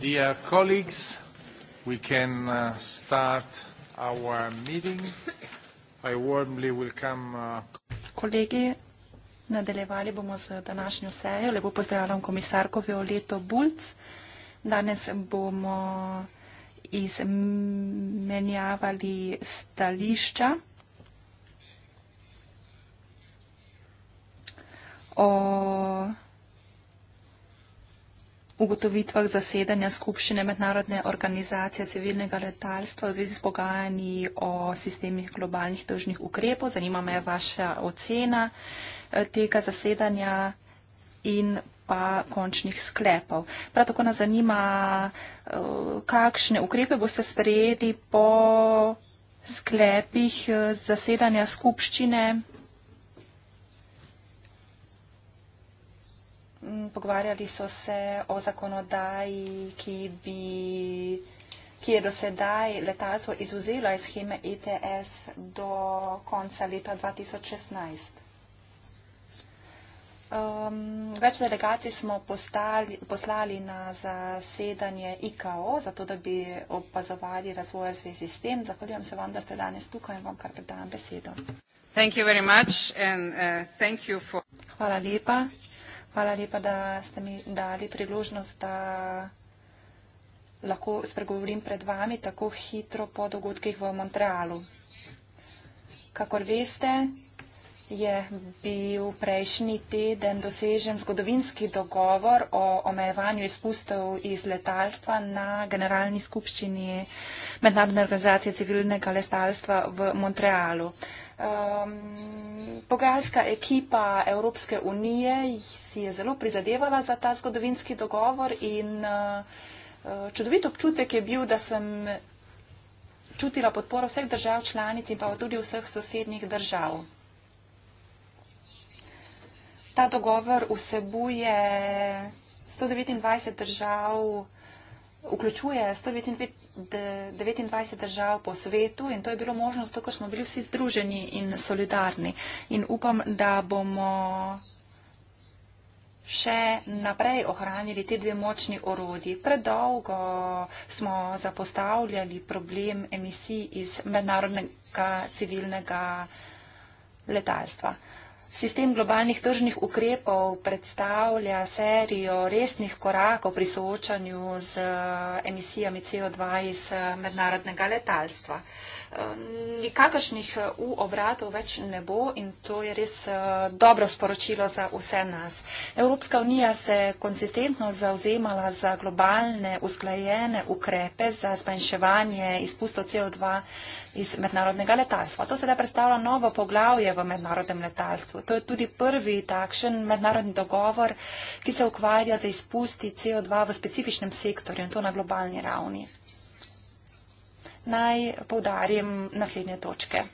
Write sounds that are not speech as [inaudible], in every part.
Dear colleagues, we can uh, start our meeting. I warmly welcome. Uh, Kolegi, nadaljevali bomo z današnjo sejo. Lepo pozdravljam komisarko Violeto Bulc. Danes bomo izmenjavali stališča o ugotovitvah zasedanja skupščine mednarodne organizacije civilnega letalstva v zvezi s pogajanji o sistemih globalnih tržnih ukrepov. Zanima me vaša ocena eh, tega zasedanja in pa končnih sklepov. Prav tako nas zanima, eh, kakšne ukrepe boste sprejeli po sklepih eh, zasedanja skupščine Mm, pogovarjali so se o zakonodaji, ki, bi, ki je dosedaj letalstvo izuzela iz scheme ETS do konca leta 2016. Um, več delegacij smo postali, poslali na zasedanje IKO, zato da bi opazovali razvoj v zvezi s tem. Zahvaljujem se vam, da ste danes tukaj in vam kar predajam besedo. Uh, Hvala lepa. Hvala lepa, da ste mi dali priložnost, da lahko spregovorim pred vami tako hitro po dogodkih v Montrealu. Kakor veste, je bil prejšnji teden dosežen zgodovinski dogovor o omejevanju izpustov iz letalstva na generalni skupščini Mednarodne organizacije civilnega letalstva v Montrealu. Um, pogajalska ekipa Evropske unije si je zelo prizadevala za ta zgodovinski dogovor in uh, čudovit občutek je bil, da sem čutila podporo vseh držav članic in pa tudi vseh sosednjih držav. Ta dogovor vsebuje 129 držav vključuje 129 držav po svetu in to je bilo možnost, ker smo bili vsi združeni in solidarni. In upam, da bomo še naprej ohranili te dve močni orodji. Predolgo smo zapostavljali problem emisij iz mednarodnega civilnega letalstva. Sistem globalnih tržnih ukrepov predstavlja serijo resnih korakov pri soočanju z eh, emisijami CO2 iz eh, mednarodnega letalstva. Eh, nikakršnih u obratov več ne bo in to je res dobro sporočilo za vse nas. Evropska unija se konsistentno zauzemala za globalne usklajene ukrepe za spanjševanje izpustov CO2 iz mednarodnega letalstva. To sedaj predstavlja novo poglavje v mednarodnem letalstvu. To je tudi prvi takšen mednarodni dogovor, ki se ukvarja za izpusti CO2 v specifičnem sektorju in to na globalni ravni. Naj poudarim naslednje točke.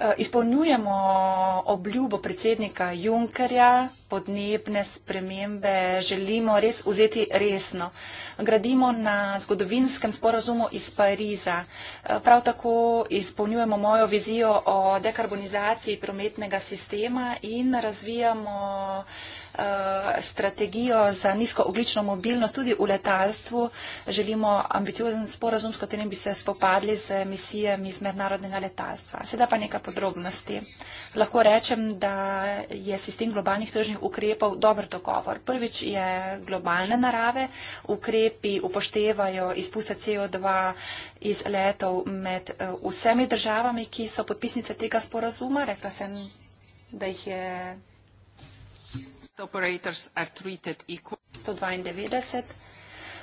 Eh, izpolnjujemo obljubo predsednika Junkerja, podnebne spremembe želimo res vzeti resno. Gradimo na zgodovinskem sporazumu iz Pariza. Eh, prav tako izpolnjujemo mojo vizijo o dekarbonizaciji prometnega sistema in razvijamo Eh, strategijo za nizkooglično mobilnost tudi v letalstvu. Želimo ambiciozen sporazum, s katerim bi se spopadli z emisijami iz mednarodnega letalstva. Sedaj pa nekaj podrobnosti. Lahko rečem, da je sistem globalnih tržnih ukrepov dober dogovor. Prvič je globalne narave, ukrepi upoštevajo izpuste CO2 iz letov med eh, vsemi državami, ki so podpisnice tega sporazuma. Rekla sem, da jih je 192.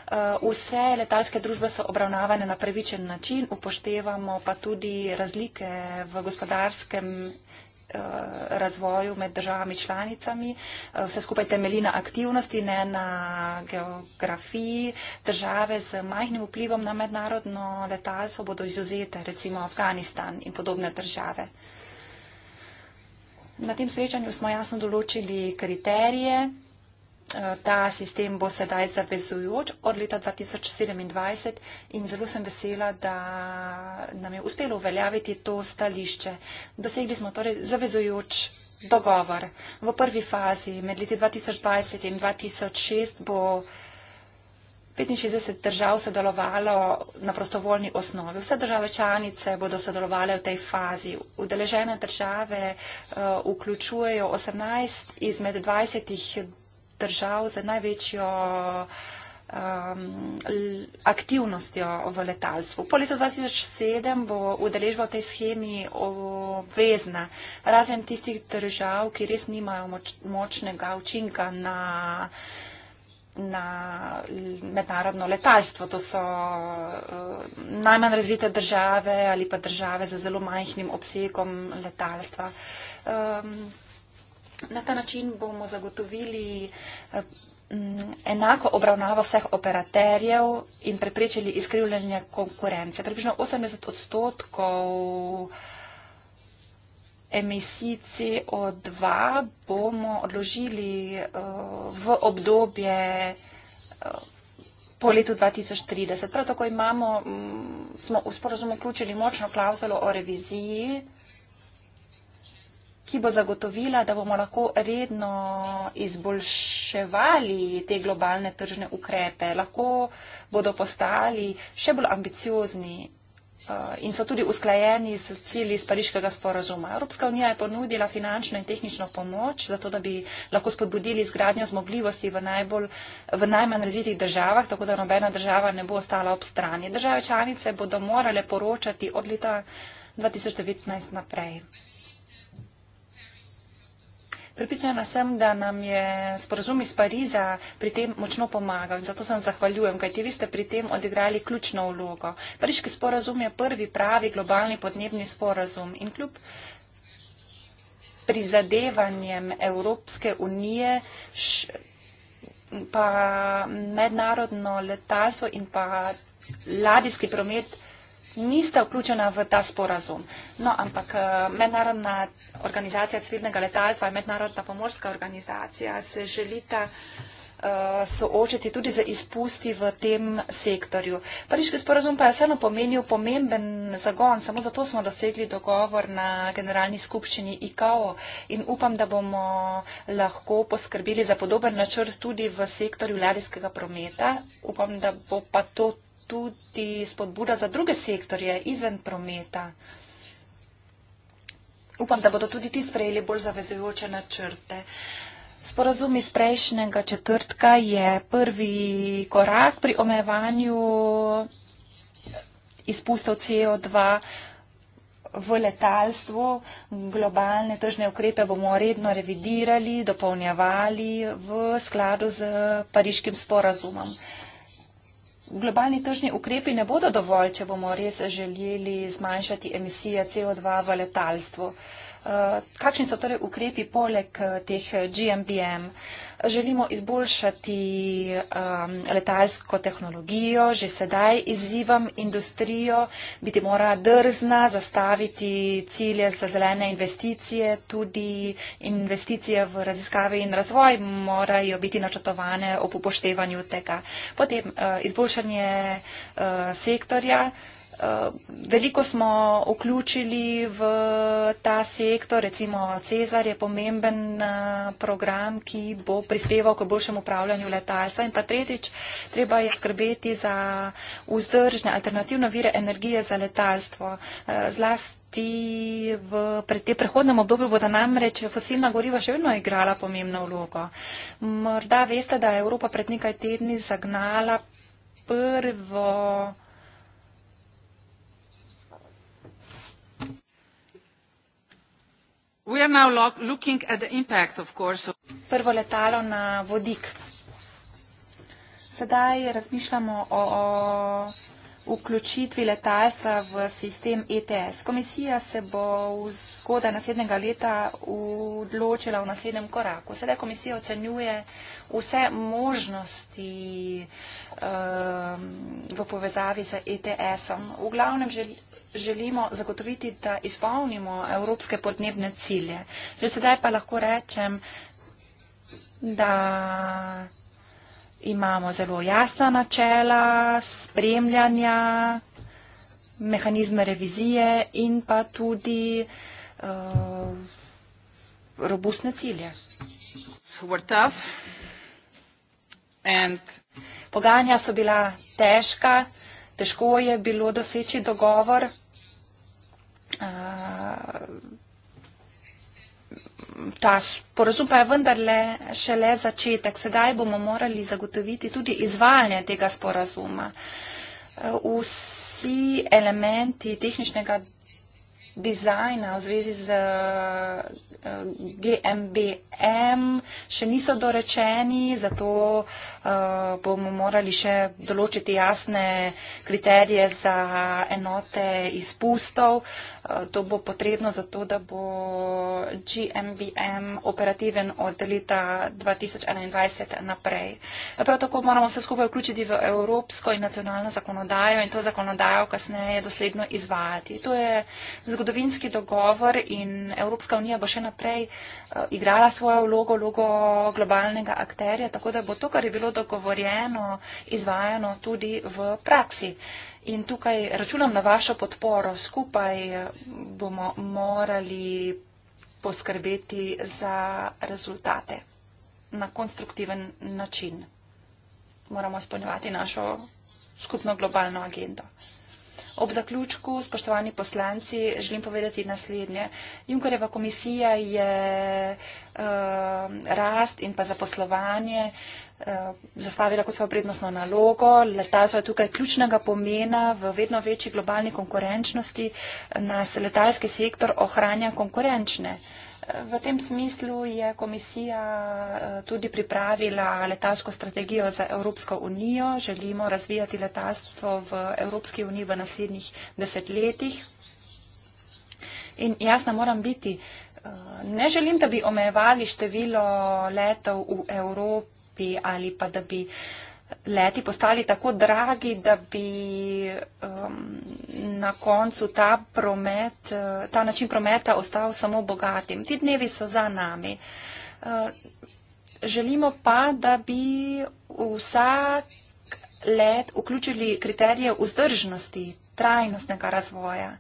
Eh, vse letalske družbe so obravnavane na pravičen način, upoštevamo pa tudi razlike v gospodarskem eh, razvoju med državami članicami. Eh, vse skupaj temelji na aktivnosti, ne na geografiji. Države z majhnim vplivom na mednarodno letalstvo bodo izuzete, recimo Afganistan in podobne države. Na tem srečanju smo jasno določili kriterije. E, ta sistem bo sedaj zavezujoč od leta 2027 in zelo sem vesela, da nam je uspelo uveljaviti to stališče. Dosegli smo torej zavezujoč dogovor. V prvi fazi med leti 2020 in 2006 bo. 65 držav sodelovalo na prostovoljni osnovi. Vse države članice bodo sodelovali v tej fazi. Udeležene države uh, vključujejo 18 izmed 20 držav z največjo um, aktivnostjo v letalstvu. Po letu 2007 bo udeležba v tej schemi obvezna, razen tistih držav, ki res nimajo moč, močnega učinka na uh, na mednarodno letalstvo. To so eh, najmanj razvite države ali pa države z zelo majhnim obsegom letalstva. Na ta način bomo zagotovili eh, enako obravnavo vseh operaterjev in preprečili izkrivljanje konkurence. Približno 80 odstotkov emisij CO2 bomo odložili uh, v obdobje uh, po letu 2030. Prav tako imamo, um, smo v sporozum vključili močno klauzulo o reviziji, ki bo zagotovila, da bomo lahko redno izboljševali te globalne tržne ukrepe, lahko bodo postali še bolj ambiciozni Eh, in so tudi usklajeni z cilji iz Pariškega sporazuma. Evropska unija je ponudila finančno in tehnično pomoč, zato da bi lahko spodbudili izgradnjo zmogljivosti v, najbolj, v najmanj razvitih državah, tako da nobena država ne bo ostala ob strani. Države članice bodo morale poročati od leta 2019 naprej. Pripričana sem, da nam je sporozum iz Pariza pri tem močno pomagal in zato sem zahvaljujem, kajti vi ste pri tem odigrali ključno vlogo. Pariški sporozum je prvi pravi globalni podnebni sporozum in kljub prizadevanjem Evropske unije pa mednarodno letalstvo in pa ladijski promet vsega, niste vključena v ta sporazum. No, ampak eh, mednarodna organizacija civilnega letalstva in mednarodna pomorska organizacija se želita eh, soočiti tudi za izpusti v tem sektorju. Pariški sporazum pa je vseeno pomenil pomemben zagon, samo zato smo dosegli dogovor na generalni skupščini IKO in upam, da bomo lahko poskrbeli za podoben načrt tudi v sektorju ladijskega prometa. Upam, da bo pa to tudi spodbuda za druge sektorje izven prometa. Upam, da bodo tudi ti sprejeli bolj zavezujoče načrte. Sporazum iz prejšnjega četrtka je prvi korak pri omejevanju izpustov CO2 v letalstvu. Globalne tržne ukrepe bomo redno revidirali, dopolnjevali v skladu z pariškim sporazumom globalni tržni ukrepi ne bodo dovolj, če bomo res želeli zmanjšati emisije CO2 v letalstvu. Eh, kakšni so torej ukrepi poleg eh, teh GMBM? Želimo izboljšati um, letalsko tehnologijo, že sedaj izzivam industrijo, biti mora drzna zastaviti cilje za zelene investicije, tudi investicije v raziskave in razvoj morajo biti načrtovane ob upoštevanju tega. Potem uh, izboljšanje uh, sektorja. Uh, Eh, veliko smo vključili v ta sektor, recimo Cezar je pomemben eh, program, ki bo prispeval k boljšemu upravljanju letalstva. In pa tretjič, treba je skrbeti za vzdržne alternativne vire energije za letalstvo. Eh, zlasti v te prehodnem obdobju bodo namreč fosilna goriva še vedno igrala pomembno vlogo. Morda veste, da je Evropa pred nekaj tedni zagnala prvo prvo letalo na vodik. Sedaj razmišljamo o vključitvi letalca v sistem ETS. Komisija se bo zgodaj naslednjega leta odločila v naslednjem koraku. Sedaj komisija ocenjuje vse možnosti um, v povezavi z ETS-om. V glavnem želimo zagotoviti, da izpolnimo evropske podnebne cilje. Že sedaj pa lahko rečem, da imamo zelo jasna načela spremljanja, mehanizme revizije in pa tudi uh, robustne cilje. Pogajanja so bila težka, težko je bilo doseči dogovor. Eh, ta sporozum pa je vendarle šele začetek. Sedaj bomo morali zagotoviti tudi izvajanje tega sporozuma. Eh, vsi elementi tehničnega dizajna v zvezi z eh, GMBM še niso dorečeni, zato uh, Eh, bomo morali še določiti jasne kriterije za enote izpustov. Eh, to bo potrebno zato, da bo GMBM operativen od leta 2021 naprej. Prav tako moramo se skupaj vključiti v evropsko in nacionalno zakonodajo in to zakonodajo kasneje dosledno izvajati. To je zgodovinski dogovor in Evropska unija bo še naprej eh, igrala svojo vlogo, vlogo globalnega akterja, tako da bo to, kar je bilo dogovorjeno, izvajano tudi v praksi. In tukaj računam na vašo podporo. Skupaj eh, bomo morali poskrbeti za rezultate na konstruktiven način. Moramo spolnjevati našo skupno globalno agendo. Ob zaključku, spoštovani poslanci, želim povedati naslednje. Junkareva komisija je uh, rast in pa zaposlovanje eh, zastavila kot svojo prednostno nalogo. Letalstvo je tukaj ključnega pomena v vedno večji globalni konkurenčnosti. Nas letalski sektor ohranja konkurenčne. Uh, V tem smislu je komisija eh, tudi pripravila letaško strategijo za Evropsko unijo. Želimo razvijati letalstvo v Evropski uniji v naslednjih desetletjih. In jasno moram biti, eh, ne želim, da bi omejevali število letov v Evropi ali pa da bi uh, leti postali tako dragi, da bi um, na koncu ta, promet, uh, ta način prometa ostal samo bogatim. Ti dnevi so za nami. Uh, želimo pa, da bi vsak let vključili kriterije vzdržnosti, trajnostnega razvoja.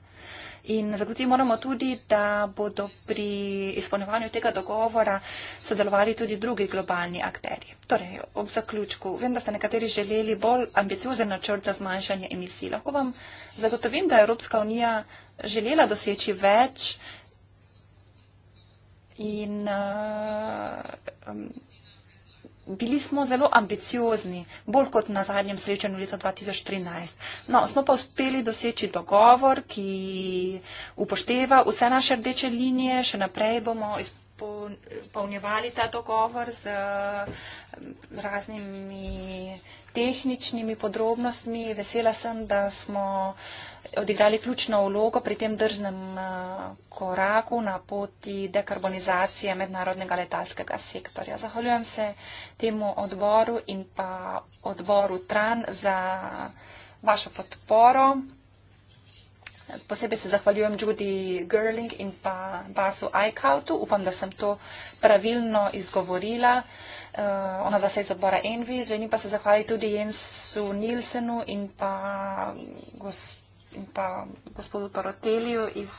In zagotiti moramo tudi, da bodo pri izpolnjevanju tega dogovora sodelovali tudi drugi globalni akterji. Torej, ob zaključku, vem, da ste nekateri želeli bolj ambiciozen načrt za zmanjšanje emisij. Lahko vam zagotovim, da je Evropska unija želela doseči več in. Uh, bili smo zelo ambiciozni, bolj kot na zadnjem srečanju leta 2013. No, smo pa uspeli doseči dogovor, ki upošteva vse naše rdeče linije, še naprej bomo izpolnjevali ta dogovor z eh, raznimi tehničnimi podrobnostmi. Vesela sem, da smo odigrali ključno vlogo pri tem drznem eh, koraku na poti dekarbonizacije mednarodnega letalskega sektorja. Zahvaljujem se temu odboru in pa odboru TRAN za vašo podporo. Posebej se zahvaljujem Judy Gerling in pa Basu Eichautu. Upam, da sem to pravilno izgovorila. Uh, ona vas je iz odbora Envy. Želim pa se zahvaliti tudi Jensu Nilsenu in pa gospodinu in pa gospodu Toroteliju iz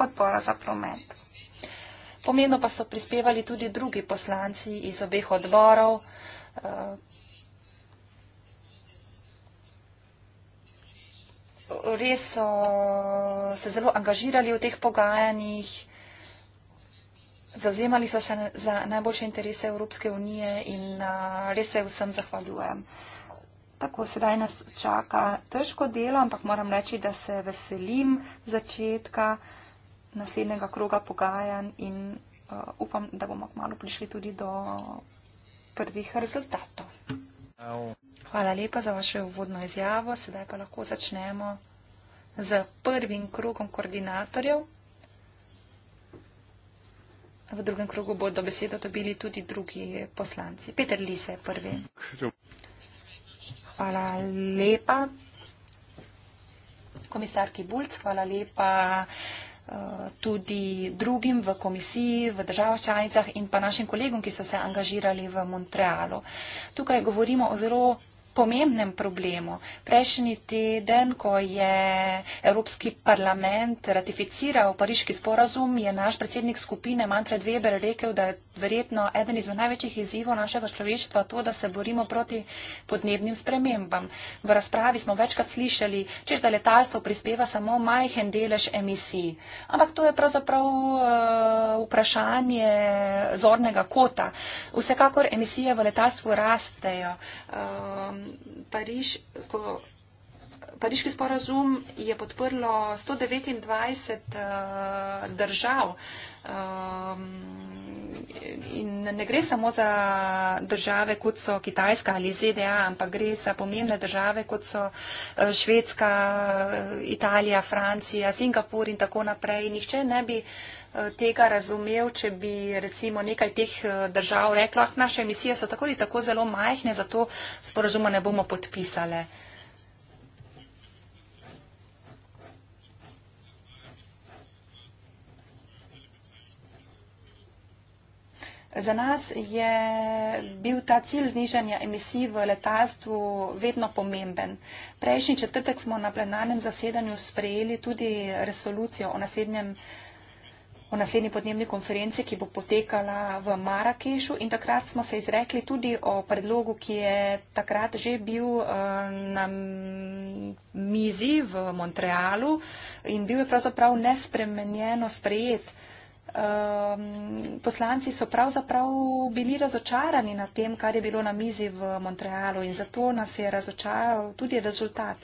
odbora za promet. Pomembno pa so prispevali tudi drugi poslanci iz obeh odborov. Eh, res so se zelo angažirali v teh pogajanjih, zauzemali so se za najboljše interese Evropske unije in eh, res se vsem zahvaljujem. Tako sedaj nas čaka težko delo, ampak moram reči, da se veselim začetka naslednjega kroga pogajanj in uh, upam, da bomo kmalo prišli tudi do prvih rezultatov. Hvala lepa za vaše uvodno izjavo. Sedaj pa lahko začnemo z prvim krogom koordinatorjev. V drugem krogu bodo besedo dobili tudi drugi poslanci. Peter Lise je prvi. Hvala lepa. Komisarki Bulc, hvala lepa eh, tudi drugim v komisiji, v državah članicah in pa našim kolegom, ki so se angažirali v Montrealu. Tukaj govorimo o zelo pomembnem problemu. Prejšnji teden, ko je Evropski parlament ratificiral pariški sporazum, je naš predsednik skupine Manfred Weber rekel, da je verjetno eden izmed največjih izzivov našega človeštva to, da se borimo proti podnebnim spremembam. V razpravi smo večkrat slišali, če da letalstvo prispeva samo majhen delež emisij. Ampak to je pravzaprav uh, vprašanje zornega kota. Vsekakor emisije v letalstvu rastejo. Um, Pariš, ko, Pariški sporazum je podprlo 129 uh, eh, držav. Um, In ne gre samo za države, kot so Kitajska ali ZDA, ampak gre za pomembne države, kot so eh, Švedska, eh, Italija, Francija, Singapur in tako naprej. Nihče ne bi uh, Eh, tega razumev, če bi recimo nekaj teh eh, držav reklo, ah, naše emisije so tako ali tako zelo majhne, zato sporazuma ne bomo podpisale. Za nas je bil ta cilj znižanja emisij v letalstvu vedno pomemben. Prejšnji četrtek smo na plenarnem zasedanju sprejeli tudi resolucijo o naslednjem o naslednji podnebni konferenci, ki bo potekala v Marakešu in takrat smo se izrekli tudi o predlogu, ki je takrat že bil eh, na mizi v Montrealu in bil je pravzaprav nespremenjeno sprejet. Ehm, poslanci so pravzaprav bili razočarani na tem, kar je bilo na mizi v Montrealu in zato nas je razočaral tudi rezultat.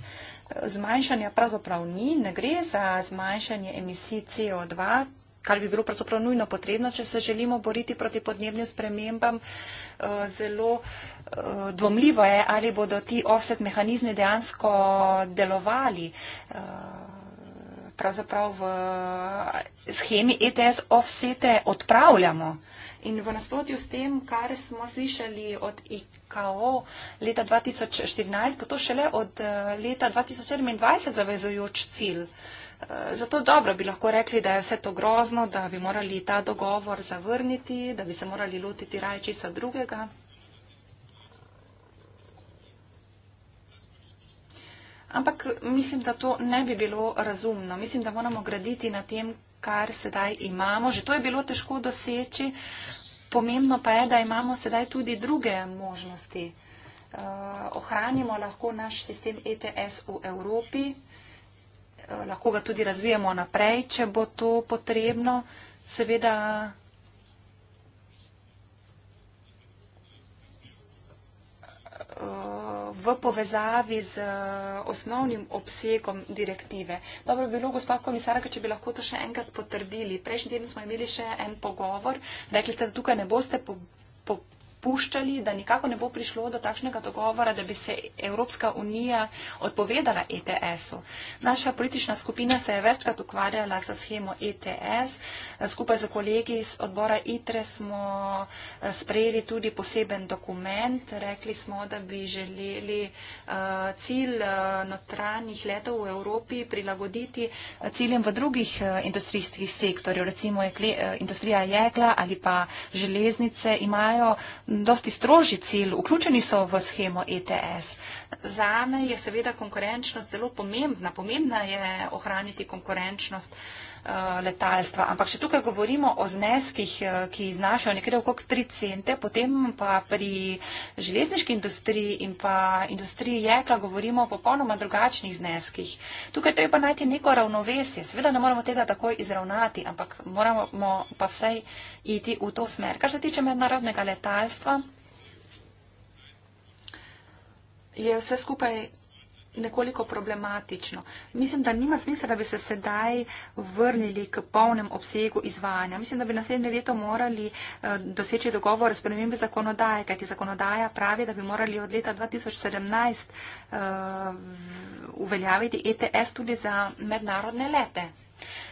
Zmanjšanja pravzaprav ni, ne gre za zmanjšanje emisij CO2, kar bi bilo pravzaprav nujno potrebno, če se želimo boriti proti podnebnim spremembam. Eh, zelo eh, dvomljivo je, ali bodo ti offset mehanizmi dejansko delovali eh, pravzaprav v schemi ETS offsete odpravljamo. In v nasprotju s tem, kar smo slišali od IKO leta 2014, bo to šele od leta 2027 zavezujoč cilj. Zato dobro bi lahko rekli, da je vse to grozno, da bi morali ta dogovor zavrniti, da bi se morali lotiti raje česa drugega. Ampak mislim, da to ne bi bilo razumno. Mislim, da moramo graditi na tem, kar sedaj imamo. Že to je bilo težko doseči. Pomembno pa je, da imamo sedaj tudi druge možnosti. Uh, ohranimo lahko naš sistem ETS v Evropi. Uh, Eh, lahko ga tudi razvijamo naprej, če bo to potrebno. Seveda. Eh, v povezavi z eh, osnovnim obsegom direktive. Dobro bi bilo, gospa komisarka, če bi lahko to še enkrat potrdili. Prejšnji teden smo imeli še en pogovor. Rekli ste, da tukaj ne boste po, po, puščali, da nikako ne bo prišlo do takšnega dogovora, da bi se Evropska unija odpovedala ETS-u. Naša politična skupina se je večkrat ukvarjala sa schemo ETS. Skupaj z kolegi iz odbora ITRE smo eh, sprejeli tudi poseben dokument. Rekli smo, da bi želeli eh, cilj eh, notranjih letov v Evropi prilagoditi ciljem v drugih industrijskih sektorjev, recimo industrija jekla ali pa železnice imajo dosti stroži cilj, vključeni so v schemo ETS. Za me je seveda konkurenčnost zelo pomembna. Pomembna je ohraniti konkurenčnost. Eh, letalstva. Ampak če tukaj govorimo o zneskih, eh, ki znašajo nekje okrog 3 cente, potem pa pri železniški industriji in pa industriji jekla govorimo o popolnoma drugačnih zneskih. Tukaj treba najti neko ravnovesje. Seveda ne moramo tega takoj izravnati, ampak moramo pa vsaj iti v to smer. Kar se tiče mednarodnega letalstva, je vse skupaj nekoliko problematično. Mislim, da nima smisla, da bi se sedaj vrnili k polnem obsegu izvajanja. Mislim, da bi naslednje leto morali eh, doseči dogovor s premembe zakonodaje, kajti zakonodaja pravi, da bi morali od leta 2017 eh, uveljaviti ETS tudi za mednarodne lete.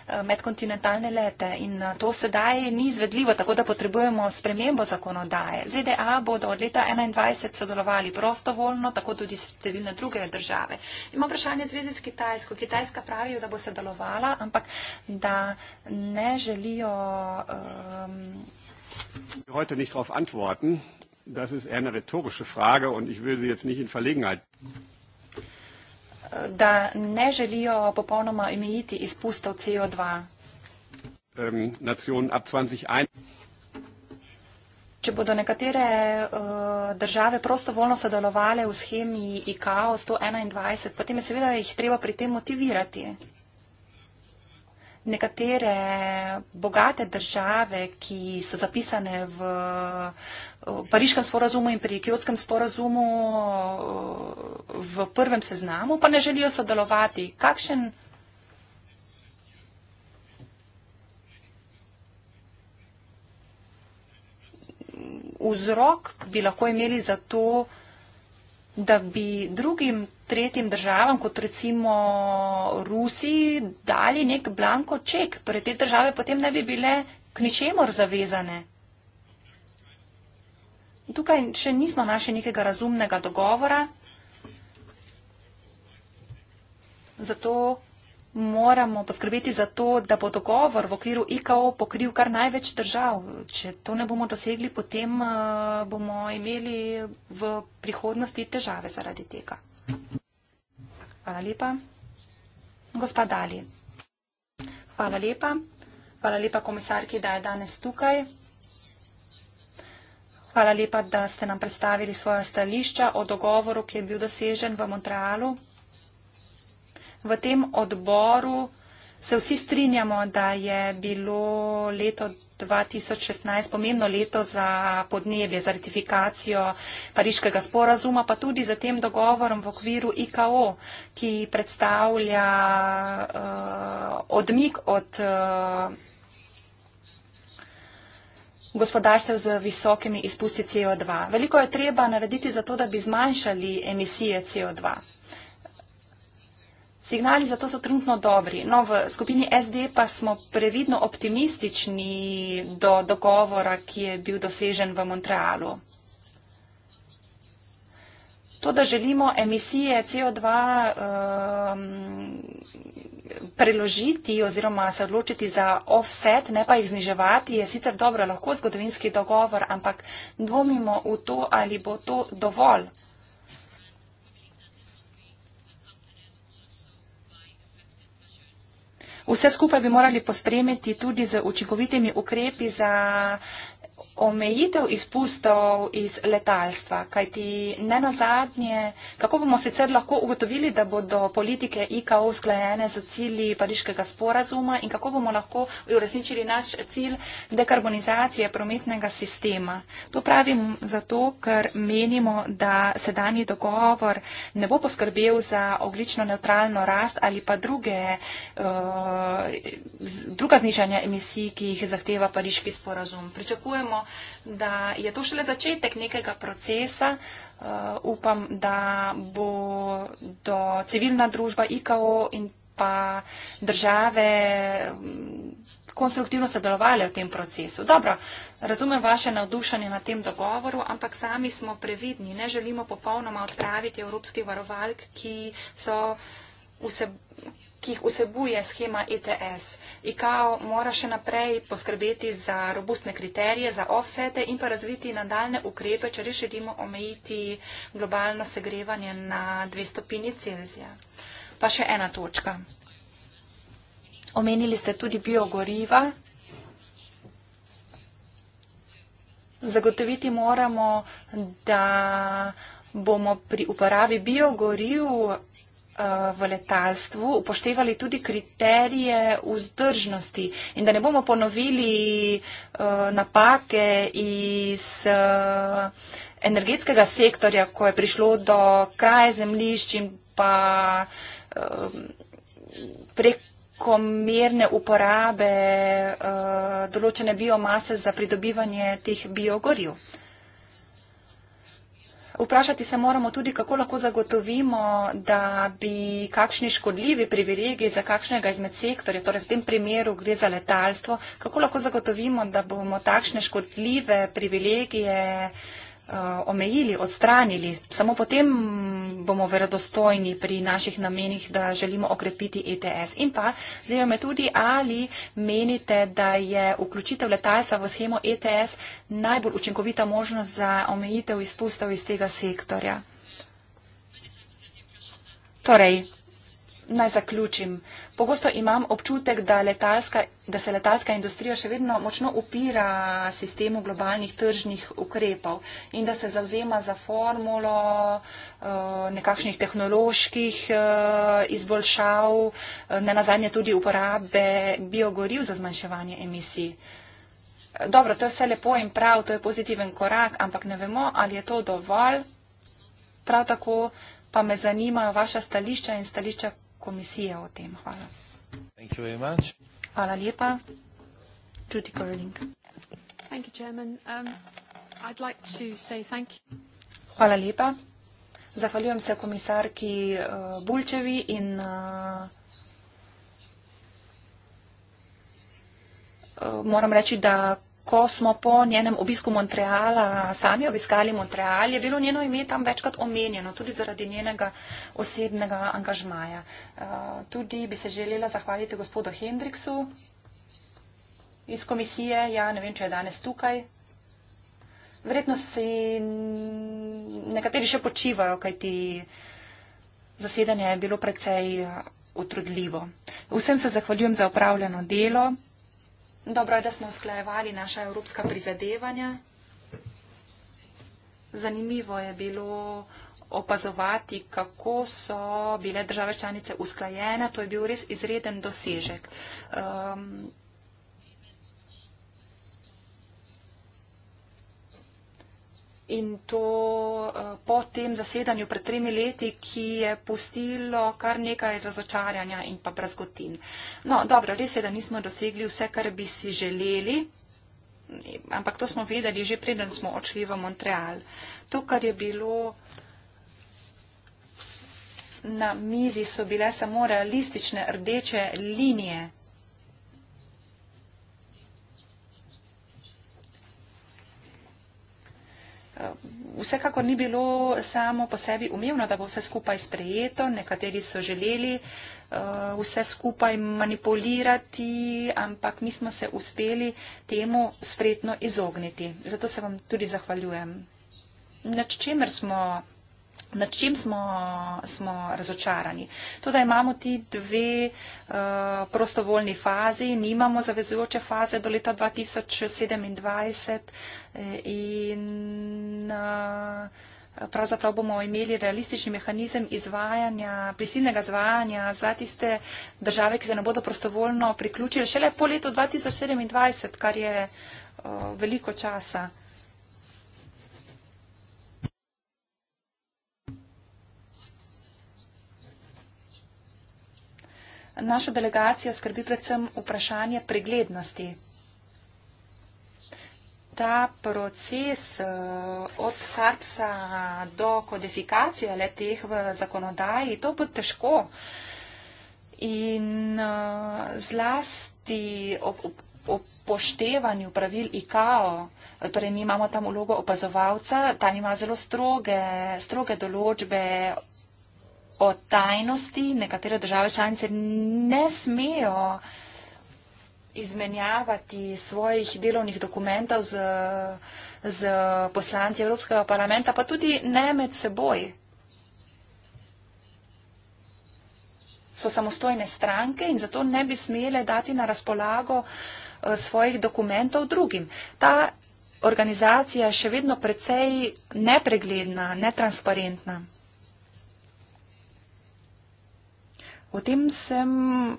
Eh, medkontinentalne lete in eh, to sedaj ni izvedljivo, tako da potrebujemo spremembo zakonodaje. ZDA bodo od leta 2021 sodelovali prostovoljno, tako tudi številne druge države. Imam vprašanje v zvezi s Kitajsko. Kitajska pravijo, da bo sodelovala, ampak da ne želijo. Um, Heute nicht darauf antworten, das ist eher eine rhetorische Frage und ich will Sie jetzt nicht in Verlegenheit da ne želijo popolnoma imejiti izpustov CO2. Ähm, Če bodo nekatere uh, države prostovoljno sodelovale v schemi ICAO 121, potem je seveda jih treba pri tem motivirati nekatere bogate države, ki so zapisane v Pariškem sporazumu in pri Kjotskem sporazumu v prvem seznamu, pa ne želijo sodelovati. Kakšen vzrok bi lahko imeli za to, da bi drugim, tretjim državam, kot recimo Rusiji, dali nek blanko ček. Torej, te države potem ne bi bile k ničemor zavezane. Tukaj še nismo našli nekega razumnega dogovora. Zato moramo poskrbeti za to, da bo dogovor v okviru IKO pokril kar največ držav. Če to ne bomo dosegli, potem eh, bomo imeli v prihodnosti težave zaradi tega. Hvala lepa. Gospod Dali. Hvala lepa. Hvala lepa komisarki, da je danes tukaj. Hvala lepa, da ste nam predstavili svoje stališča o dogovoru, ki je bil dosežen v Montrealu v tem odboru se vsi strinjamo, da je bilo leto 2016 pomembno leto za podnebje, za ratifikacijo pariškega sporazuma, pa tudi za tem dogovorom v okviru IKO, ki predstavlja uh, odmik od. Uh, gospodarstev z visokimi izpusti CO2. Veliko je treba narediti za to, da bi zmanjšali emisije CO2. Signali za to so trenutno dobri. No, v skupini SD pa smo previdno optimistični do dogovora, ki je bil dosežen v Montrealu. To, da želimo emisije CO2 um, preložiti oziroma se odločiti za offset, ne pa jih zniževati, je sicer dobro, lahko zgodovinski dogovor, ampak dvomimo v to, ali bo to dovolj. Vse skupaj bi morali pospremiti tudi z učinkovitimi ukrepi za omejitev izpustov iz letalstva. Kajti ne nazadnje, kako bomo sicer lahko ugotovili, da bodo politike IKO sklajene za cilji pariškega sporazuma in kako bomo lahko uresničili naš cilj dekarbonizacije prometnega sistema. To pravim zato, ker menimo, da sedanji dogovor ne bo poskrbel za oglično neutralno rast ali pa druge, eh, druga znižanja emisij, ki jih zahteva pariški sporazum. Pričakujem pričakujemo, da je to šele začetek nekega procesa. Uh, upam, da bo do civilna družba IKO in pa države um, konstruktivno sodelovali v tem procesu. Dobro, razumem vaše navdušanje na tem dogovoru, ampak sami smo previdni. Ne želimo popolnoma odpraviti evropskih varovalk, ki, so, vse, ki jih vsebuje schema ETS. IKAO mora še naprej poskrbeti za robustne kriterije, za offsete in pa razviti nadaljne ukrepe, če res želimo omejiti globalno segrevanje na dve stopinji Celzija. Pa še ena točka. Omenili ste tudi biogoriva. Zagotoviti moramo, da bomo pri uporabi biogoriv v letalstvu upoštevali tudi kriterije vzdržnosti in da ne bomo ponovili eh, napake iz eh, energetskega sektorja, ko je prišlo do kraje zemljišč in pa eh, prekomerne uporabe določene biomase za pridobivanje teh biogorjev. Vprašati se moramo tudi, kako lahko zagotovimo, da bi kakšni škodljivi privilegiji za kakšnega izmed sektorjev, torej v tem primeru gre za letalstvo, kako lahko zagotovimo, da bomo takšne škodljive privilegije Eh, omejili, odstranili. Samo potem bomo verodostojni pri naših namenih, da želimo okrepiti ETS. In pa, zanima me tudi, ali menite, da je vključitev letalca v schemo ETS najbolj učinkovita možnost za omejitev izpustov iz tega sektorja? Torej, naj zaključim. Pogosto imam občutek, da, letalska, da se letalska industrija še vedno močno upira sistemu globalnih tržnih ukrepov in da se zavzema za formulo eh, nekakšnih tehnoloških eh, izboljšav, eh, ne nazadnje tudi uporabe biogoriv za zmanjševanje emisij. Dobro, to je vse lepo in prav, to je pozitiven korak, ampak ne vemo, ali je to dovolj. Prav tako pa me zanimajo vaša stališča in stališča komisije o tem. Hvala. Hvala lepa. Judy Curling. Um, Hvala lepa. Zahvaljujem se komisarki uh, Bulčevi in uh, uh, moram reči, da komisarki ko smo po njenem obisku Montreala sami obiskali Montreal, je bilo njeno ime tam večkrat omenjeno, tudi zaradi njenega osebnega angažmaja. Eh, tudi bi se želela zahvaliti gospodu Hendriksu iz komisije. Ja, ne vem, če je danes tukaj. Verjetno si nekateri še počivajo, kajti zasedanje je bilo precej eh, utrudljivo. Vsem se zahvaljujem za upravljeno delo. Dobro je, da smo usklajevali naša evropska prizadevanja. Zanimivo je bilo opazovati, kako so bile države članice usklajene. To je bil res izreden dosežek. Um, in to eh, po tem zasedanju pred tremi leti, ki je pustilo kar nekaj razočaranja in pa brazgotin. No, dobro, res je, da nismo dosegli vse, kar bi si želeli, ampak to smo vedeli že preden smo odšli v Montreal. To, kar je bilo na mizi, so bile samo realistične rdeče linije vsekakor ni bilo samo po sebi umevno, da bo vse skupaj sprejeto. Nekateri so želeli eh, vse skupaj manipulirati, ampak mi smo se uspeli temu spretno izogniti. Zato se vam tudi zahvaljujem. Na čemer smo nad čim smo, smo razočarani. To, da imamo ti dve uh, prostovoljni fazi, nimamo zavezujoče faze do leta 2027 eh, in uh, pravzaprav bomo imeli realistični mehanizem izvajanja, prisilnega izvajanja za tiste države, ki se ne bodo prostovoljno priključili šele po letu 2027, kar je uh, veliko časa. Naša delegacija skrbi predvsem vprašanje preglednosti. Ta proces eh, od SARPSA do kodifikacije le teh v zakonodaji, to bo težko. In eh, zlasti o poštevanju pravil IKAO, eh, torej mi imamo tam ulogo opazovalca, tam ima zelo stroge določbe o tajnosti, nekatere države članice ne smejo izmenjavati svojih delovnih dokumentov z, z poslanci Evropskega parlamenta, pa tudi ne med seboj. So samostojne stranke in zato ne bi smele dati na razpolago eh, svojih dokumentov drugim. Ta organizacija je še vedno precej nepregledna, netransparentna. O tem sem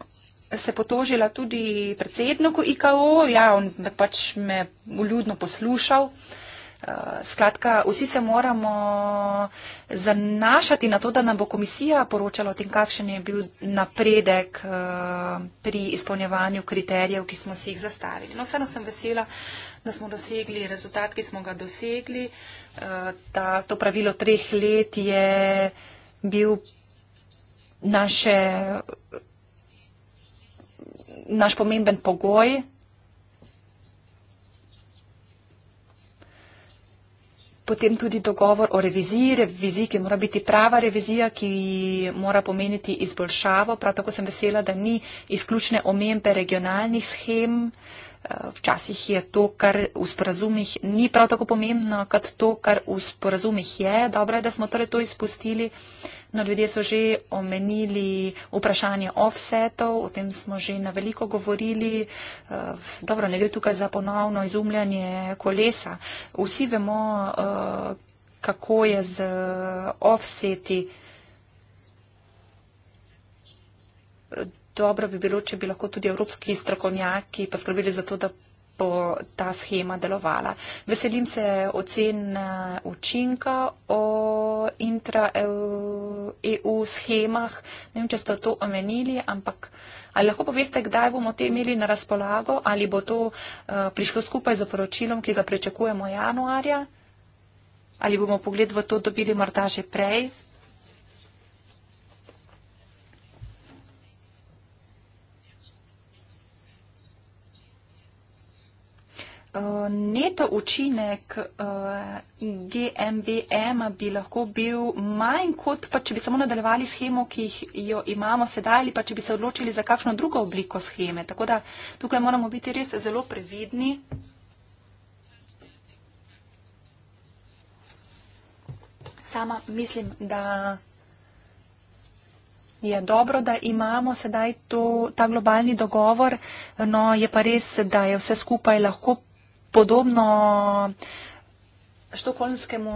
se potožila tudi predsedniku IKO, ja, on me pač me uljudno poslušal. Eh, skratka, vsi se moramo zanašati na to, da nam bo komisija poročala o tem, kakšen je bil napredek eh, pri izpolnjevanju kriterijev, ki smo si jih zastavili. No, vseeno sem vesela, da smo dosegli rezultat, ki smo ga dosegli. Eh, ta, to pravilo treh let je bil naše, naš pomemben pogoj. Potem tudi dogovor o reviziji, reviziji, ki mora biti prava revizija, ki mora pomeniti izboljšavo. Prav tako sem vesela, da ni izključne omembe regionalnih schem. Uh, včasih je to, kar v sporazumih ni prav tako pomembno, kot to, kar v sporazumih je. Dobro je, da smo torej to izpustili. No, ljudje so že omenili vprašanje offsetov, o tem smo že na veliko govorili. Eh, dobro, ne gre tukaj za ponovno izumljanje kolesa. Vsi vemo, eh, kako je z eh, offseti dobro bi bilo, če bi lahko tudi evropski strokovnjaki poskrbeli za to, da bo ta schema delovala. Veselim se ocen eh, učinka o intra-EU eh, e schemah. Ne vem, če ste to omenili, ampak ali lahko poveste, kdaj bomo te imeli na razpolago, ali bo to uh, prišlo skupaj z poročilom, ki ga pričakujemo januarja, ali bomo pogled v to dobili morda že prej. Eh, neto učinek eh, GMBM bi lahko bil manj kot pa, če bi samo nadaljevali schemo, ki jo imamo sedaj ali pa, če bi se odločili za kakšno drugo obliko scheme. Tako da tukaj moramo biti res zelo previdni. Sama mislim, da je dobro, da imamo sedaj to, ta globalni dogovor, no je pa res, da je vse skupaj lahko podobno štokholmskemu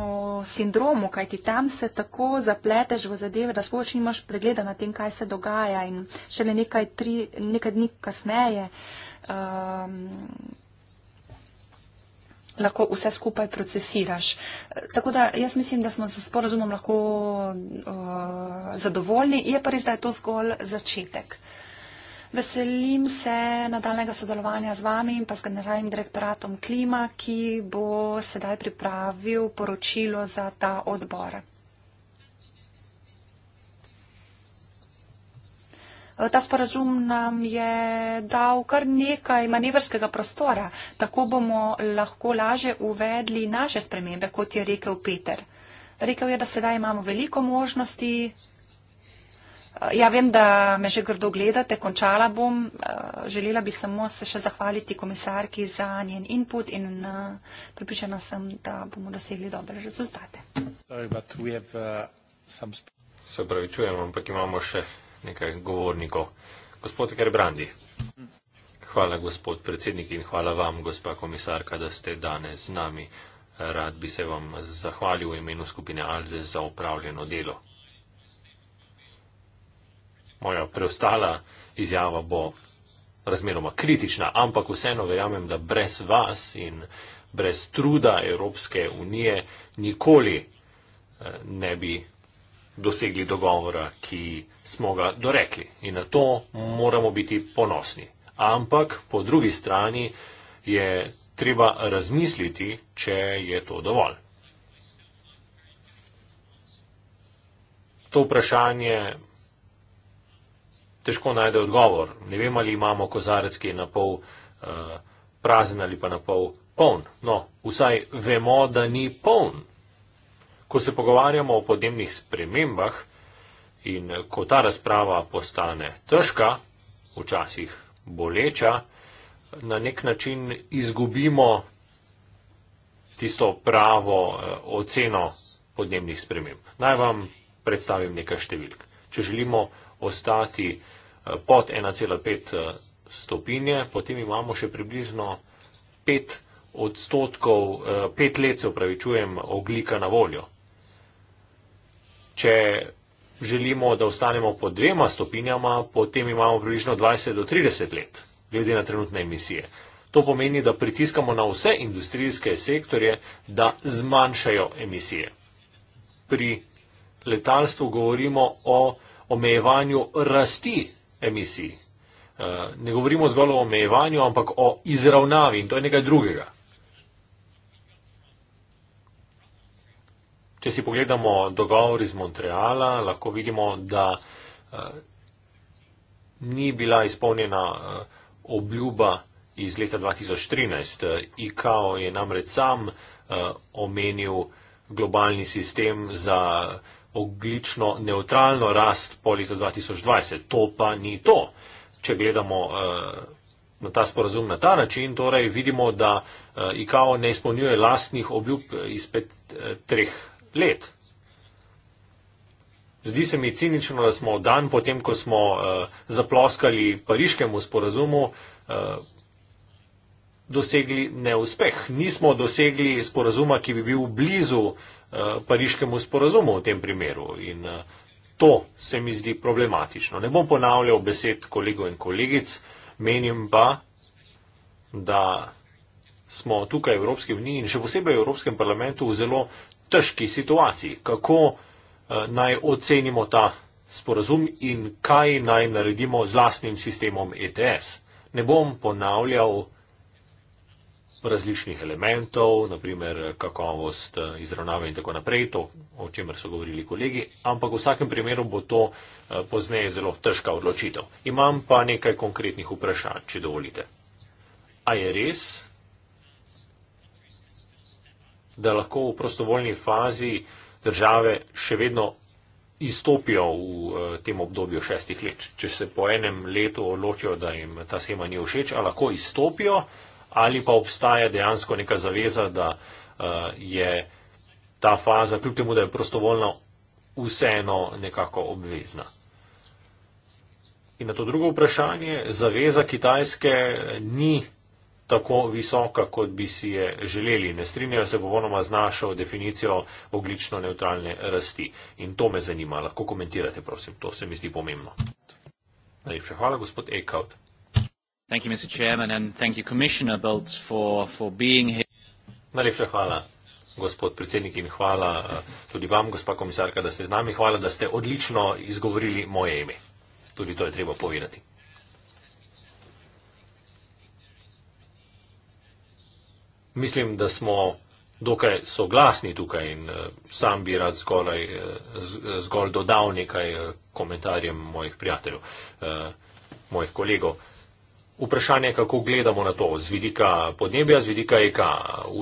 sindromu, kajti tam se tako zapleteš v zadeve, da sploh nimaš pregleda na tem, kaj se dogaja in šele nekaj, tri, nekaj dni kasneje um, lahko vse skupaj procesiraš. Tako da jaz mislim, da smo se sporazumom lahko uh, zadovoljni, je pa res, da je to zgolj začetek. Uh, Veselim se nadaljnega sodelovanja z vami in pa s generalnim direktoratom Klima, ki bo sedaj pripravil poročilo za ta odbor. Ta sporazum nam je dal kar nekaj manevrskega prostora, tako bomo lahko laže uvedli naše spremembe, kot je rekel Peter. Rekel je, da sedaj imamo veliko možnosti, Ja, vem, da me že grdo gledate, končala bom. Eh, želela bi samo se še zahvaliti komisarki za njen input in eh, pripričana sem, da bomo dosegli dobre rezultate. Eh, se upravičujem, ampak imamo še nekaj govornikov. Gospod Gerbrandi. Hvala, gospod predsednik, in hvala vam, gospa komisarka, da ste danes z nami. Rad bi se vam zahvalil v imenu skupine Alde za upravljeno delo moja preostala izjava bo razmeroma kritična, ampak vseeno verjamem, da brez vas in brez truda Evropske unije nikoli eh, ne bi dosegli dogovora, ki smo ga dorekli. In na to moramo biti ponosni. Ampak po drugi strani je treba razmisliti, če je to dovolj. To vprašanje težko najde odgovor. Ne vem, ali imamo kozarec, ki je na pol uh, prazen ali pa na pol poln. No, vsaj vemo, da ni poln. Ko se pogovarjamo o podnebnih spremembah in eh, ko ta razprava postane težka, včasih boleča, na nek način izgubimo tisto pravo uh, oceno podnebnih sprememb. Naj vam predstavim nekaj številk. Če želimo ostati eh, pod 1,5 eh, stopinje, potem imamo še približno 5 odstotkov, 5 eh, let se upravičujem, oglika na voljo. Če želimo, da ostanemo pod dvema stopinjama, potem imamo približno 20 do 30 let, glede na trenutne emisije. To pomeni, da pritiskamo na vse industrijske sektorje, da zmanjšajo emisije. Pri letalstvu govorimo o omejevanju rasti emisij. Eh, ne govorimo zgolj o omejevanju, ampak o izravnavi in to je nekaj drugega. Če si pogledamo dogovor iz Montreala, lahko vidimo, da eh, ni bila izpolnjena eh, obljuba iz leta 2013. IKO je namreč sam omenil globalni sistem za oglično neutralno rast po letu 2020. To pa ni to. Če gledamo eh, na ta sporazum na ta način, torej vidimo, da eh, IKO ne izpolnjuje lastnih obljub eh, izpred treh let. Zdi se mi cinično, da smo dan potem, ko smo zaploskali pariškemu sporazumu, dosegli neuspeh. Nismo dosegli sporazuma, ki bi bil blizu Eh, pariškemu sporazumu v tem primeru. In eh, to se mi zdi problematično. Ne bom ponavljal besed kolegov in kolegic, menim pa, da smo tukaj v Evropski uniji in še posebej v Evropskem parlamentu v zelo težki situaciji. Kako eh, naj ocenimo ta sporazum in kaj naj naredimo z lastnim sistemom ETS. Ne bom ponavljal, različnih elementov, naprimer kakovost eh, izravnave in tako naprej, to o čemer so govorili kolegi, ampak v vsakem primeru bo to eh, pozneje zelo težka odločitev. Imam pa nekaj konkretnih vprašanj, če dovolite. A je res, da lahko v prostovoljni fazi države še vedno izstopijo v eh, tem obdobju šestih let. Če se po enem letu odločijo, da jim ta sema ni všeč, a lahko izstopijo, ali pa obstaja dejansko neka zaveza, da uh, je ta faza, kljub temu, da je prostovoljna, vseeno nekako obvezna. In na to drugo vprašanje, zaveza Kitajske eh, ni tako visoka, kot bi si je želeli. Ne strinjajo se popolnoma z našo definicijo oglično neutralne rasti. In to me zanima. Lahko komentirate, prosim. To se mi zdi pomembno. Najlepša hvala, gospod Eckhout. Thank you, Mr. Chairman, and thank you, Commissioner Bulc, for, for being here. Najlepša hvala, gospod predsednik, in hvala eh, tudi vam, gospa komisarka, da ste z nami. Hvala, da ste odlično izgovorili moje ime. Tudi to je treba povedati. Mislim, da smo dokaj soglasni tukaj in eh, sam bi rad zgolj, eh, zgolj dodal nekaj komentarjem mojih prijateljev, mojih kolegov vprašanje, kako gledamo na to z vidika podnebja, z vidika EK.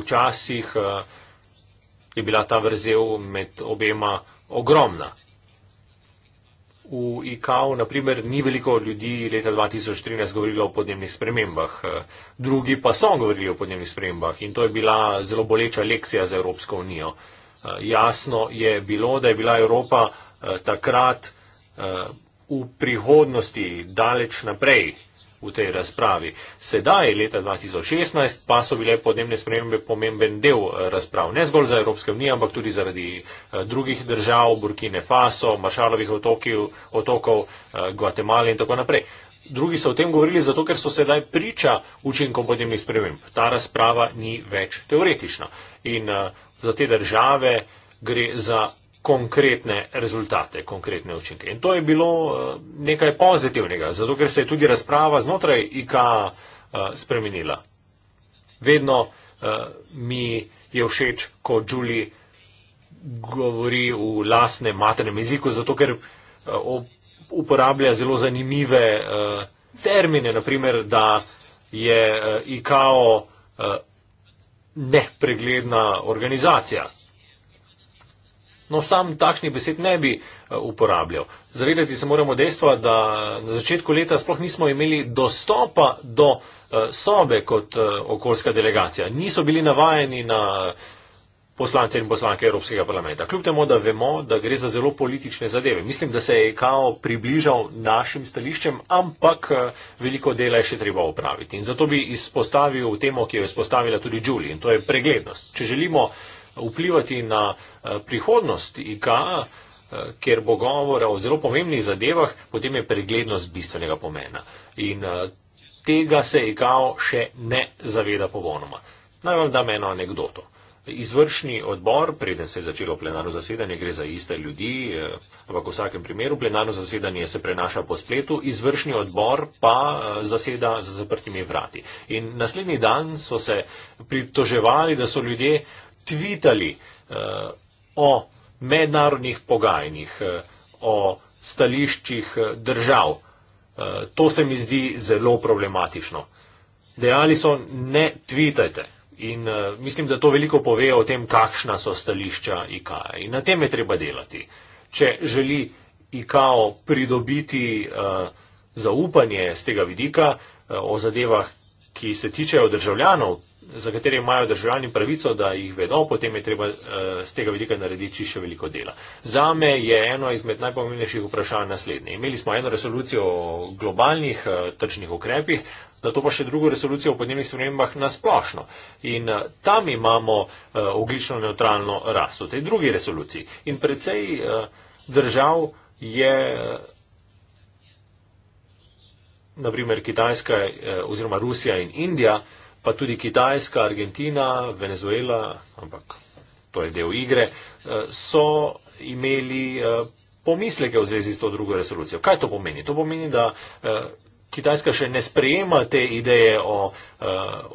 Včasih eh, je bila ta vrzel med obema ogromna. V IKAO, e naprimer, ni veliko ljudi leta 2013 govorilo o podnebnih spremembah, eh, drugi pa so govorili o podnebnih spremembah in to je bila zelo boleča lekcija za Evropsko unijo. Eh, jasno je bilo, da je bila Evropa takrat v prihodnosti daleč naprej v tej razpravi. Sedaj, leta 2016, pa so bile podnebne spremembe pomemben del eh, razprav, ne zgolj za Evropske unije, ampak tudi zaradi eh, drugih držav, Burkine Faso, Maršalovih otokov, otokov eh, Gvatemale in tako naprej. Drugi so o tem govorili zato, ker so sedaj priča učinkom podnebnih sprememb. Ta razprava ni več teoretična. In uh, za te države gre za konkretne rezultate, konkretne učinke. In to je bilo eh, nekaj pozitivnega, zato ker se je tudi razprava znotraj IKA eh, spremenila. Vedno eh, mi je všeč, ko Julie govori v lasnem maternem jeziku, zato ker uporablja zelo zanimive termine, naprimer, da je IKAO nepregledna organizacija. No, sam takšnih besed ne bi eh, uporabljal. Zavedati se moramo dejstva, da na začetku leta sploh nismo imeli dostopa do eh, sobe kot eh, okoljska delegacija. Niso bili navajeni na poslance in poslanke Evropskega parlamenta. Kljub temu, da vemo, da gre za zelo politične zadeve. Mislim, da se je kao približal našim stališčem, ampak veliko dela je še treba opraviti. In zato bi izpostavil temo, ki jo je izpostavila tudi Julie, in to je preglednost. Če želimo vplivati na eh, prihodnost IKA, ker eh, bo govora o zelo pomembnih zadevah, potem je preglednost bistvenega pomena. In eh, tega se IKAO še ne zaveda povonoma. Naj vam dam eno anegdoto. Izvršni odbor, preden se je začelo plenarno zasedanje, gre za iste ljudi, ampak v vsakem primeru plenarno zasedanje se prenaša po spletu, izvršni odbor pa zaseda za zaprtimi vrati. In naslednji dan so se pritoževali, da so ljudje uh, tvitali eh, o mednarodnih pogajanjih, eh, o stališčih eh, držav. To se mi zdi zelo problematično. Dejali so, ne tvitajte. In uh, mislim, da to veliko pove o tem, kakšna so stališča IKA-ja. In na tem je treba delati. Če želi IKA-o pridobiti uh, zaupanje z tega vidika uh, o zadevah, ki se tičejo državljanov, za katere imajo državljani pravico, da jih vedo, potem je treba z eh, tega vidika narediti čišče veliko dela. Za me je eno izmed najpomembnejših vprašanj naslednje. Imeli smo eno resolucijo o globalnih eh, tržnih ukrepih, na to pa še drugo resolucijo o podnebnih spremembah nasplošno. In eh, tam imamo oglično neutralno rast v tej drugi resoluciji. In predvsej držav je. Naprimer Kitajska oziroma Rusija in Indija pa tudi Kitajska, Argentina, Venezuela, ampak to je del igre, eh, so imeli eh, pomisleke v zvezi s to drugo resolucijo. Kaj to pomeni? To pomeni, da eh, Kitajska še ne sprejema te ideje o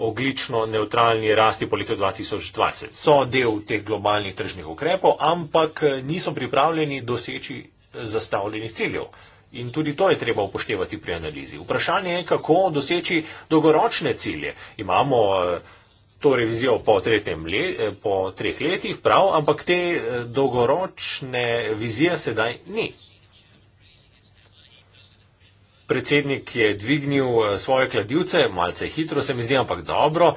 oglično neutralni rasti po letu 2020. So del teh globalnih tržnih ukrepov, ampak niso pripravljeni doseči zastavljenih ciljev. In tudi to je treba upoštevati pri analizi. Vprašanje je, kako doseči dolgoročne cilje. Imamo eh, to revizijo po, tretjem, eh, po treh letih, prav, ampak te eh, dolgoročne vizije sedaj ni. Predsednik je dvignil svoje kladivce, malce hitro se mi zdi, ampak dobro,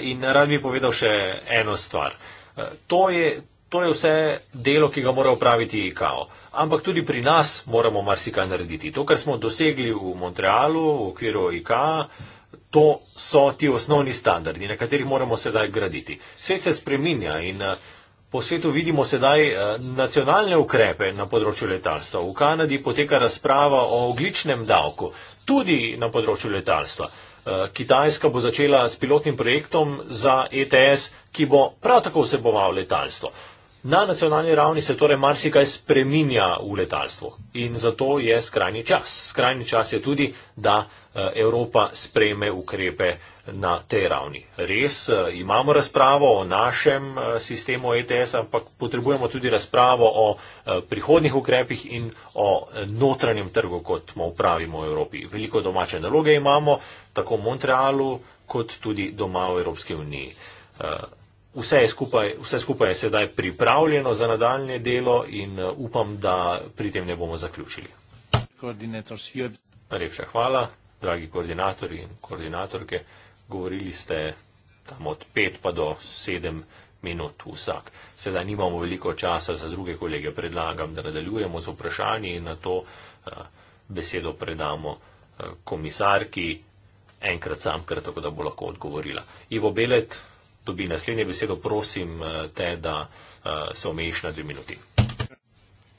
in rad bi povedal še eno stvar. To je to je vse delo, ki ga mora upraviti IKO. Ampak tudi pri nas moramo marsikaj narediti. To, kar smo dosegli v Montrealu v okviru IKO, to so ti osnovni standardi, na katerih moramo sedaj graditi. Svet se spreminja in eh, po svetu vidimo sedaj eh, nacionalne ukrepe na področju letalstva. V Kanadi poteka razprava o ogličnem davku, tudi na področju letalstva. Eh, Kitajska bo začela s pilotnim projektom za ETS, ki bo prav tako vseboval letalstvo. Na nacionalni ravni se torej marsikaj spreminja v letalstvu in zato je skrajni čas. Skrajni čas je tudi, da eh, Evropa spreme ukrepe na tej ravni. Res eh, imamo razpravo o našem eh, sistemu ETS, ampak potrebujemo tudi razpravo o prihodnih ukrepih in o notranjem trgu, kot mu upravimo v Evropi. Veliko domače naloge imamo, tako v Montrealu, kot tudi doma v Evropski uniji vse je skupaj, vse skupaj je sedaj pripravljeno za nadaljne delo in eh, upam, da pri tem ne bomo zaključili. Najlepša hvala, dragi koordinatorji in koordinatorke. Govorili ste tam od pet pa do sedem minut vsak. Sedaj nimamo veliko časa za druge kolege. Predlagam, da nadaljujemo z vprašanji in na to eh, besedo predamo eh, komisarki enkrat samkrat, tako da bo lahko odgovorila. Ivo Belet, dobi naslednje besedo, prosim eh, te, da eh, se omejiš na dve minuti.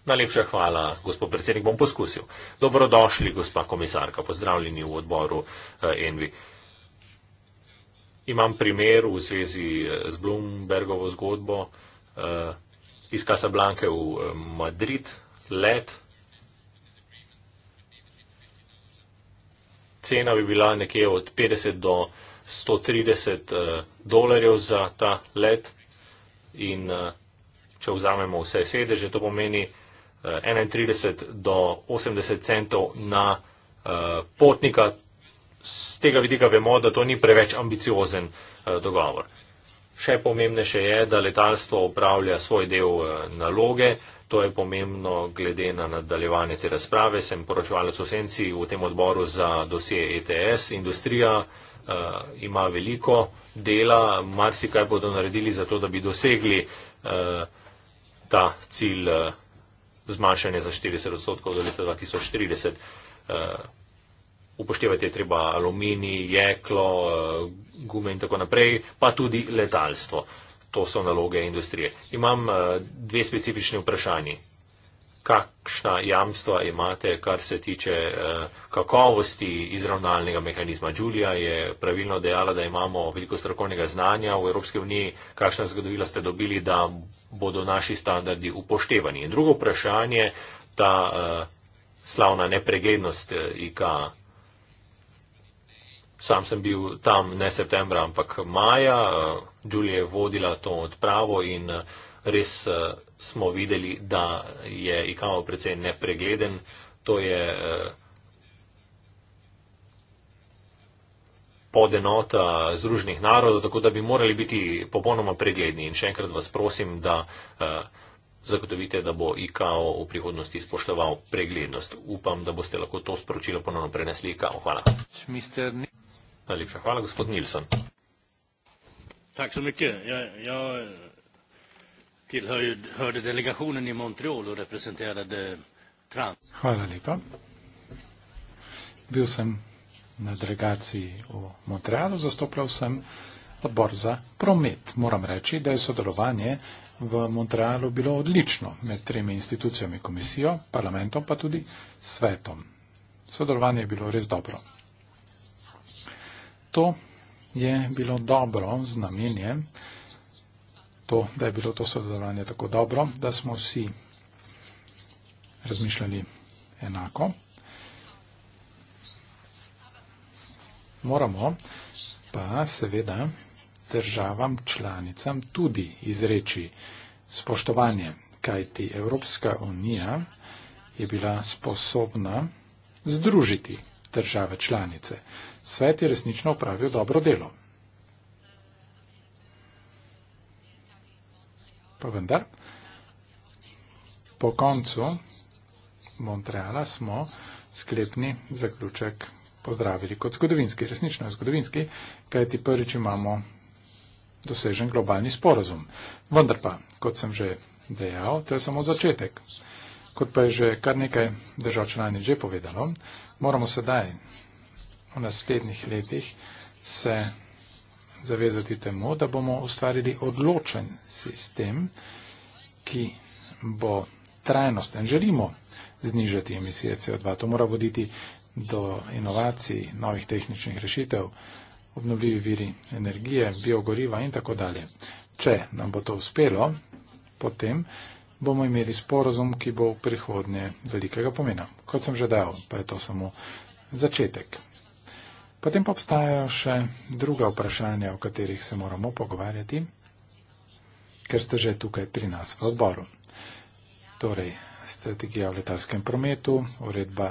Najlepša hvala, gospod predsednik, bom poskusil. Dobrodošli, gospa komisarka, pozdravljeni v odboru eh, Envi. Imam primer v zvezi z Bloombergovo zgodbo iz Casablanca v Madrid, let. Cena bi bila nekje od 50 do 100. 130 uh, eh, dolarjev za ta let in uh, če vzamemo vse sedeže, to pomeni uh, eh, 31 do 80 centov na uh, potnika. Z tega vidika vemo, da to ni preveč ambiciozen uh, dogovor. Še pomembnejše je, da letalstvo upravlja svoj del uh, naloge. To je pomembno glede na nadaljevanje te razprave. Sem poročevalec v Senci v tem odboru za dosje ETS, industrija. Uh, uh, ima veliko dela, marsikaj bodo naredili za to, da bi dosegli uh, ta cilj uh, zmanjšanja za 40 odstotkov do leta 2040. Uh, upoštevati je treba alumini, jeklo, uh, gume in tako naprej, pa tudi letalstvo. To so naloge industrije. Imam uh, dve specifični vprašanji kakšna jamstva imate, kar se tiče eh, kakovosti izravnalnega mehanizma. Julija je pravilno dejala, da imamo veliko strokovnega znanja v Evropski uniji, kakšna zgodovila ste dobili, da bodo naši standardi upoštevani. In drugo vprašanje, ta eh, slavna nepreglednost eh, IKA. Sam sem bil tam ne septembra, ampak maja. Julija je vodila to odpravo in res smo videli, da je ikamo precej nepregleden. To je eh, podenota Združenih narodov, tako da bi morali biti popolnoma pregledni. In še enkrat vas prosim, da eh, zagotovite, da bo ikao v prihodnosti spoštoval preglednost. Upam, da boste lahko to sporočilo ponovno prenesli ikao. Hvala. Najlepša hvala, gospod Nilsson. Tak som mycket. Jag, jag tillhörde delegationen i Montreal och representerade trans. Hvala lepa. Bil sem na delegaciji v Montrealu, zastopljal sem odbor za promet. Moram reči, da je sodelovanje v Montrealu bilo odlično med tremi institucijami, komisijo, parlamentom pa tudi svetom. Sodelovanje je bilo res dobro. To je bilo dobro z namenjem, to, da je bilo to sodelovanje tako dobro, da smo vsi razmišljali enako. Moramo pa seveda državam članicam tudi izreči spoštovanje, kajti Evropska unija je bila sposobna združiti države članice. Svet je resnično upravil dobro delo. pa vendar. Po koncu Montreala smo sklepni zaključek pozdravili kot zgodovinski, resnično zgodovinski, kajti prvič imamo dosežen globalni sporazum. Vendar pa, kot sem že dejal, to je samo začetek. Kot pa je že kar nekaj držav člani že povedalo, moramo sedaj v naslednjih letih se zavezati temu, da bomo ustvarili odločen sistem, ki bo trajnosten. Želimo znižati emisije CO2. To mora voditi do inovacij, novih tehničnih rešitev, obnovljivi viri energije, biogoriva in tako dalje. Če nam bo to uspelo, potem bomo imeli sporozum, ki bo v prihodnje velikega pomena. Kot sem že dal, pa je to samo začetek. Potem pa obstajajo še druga vprašanja, o katerih se moramo pogovarjati, ker ste že tukaj pri nas v odboru. Torej, strategija v letalskem prometu, uredba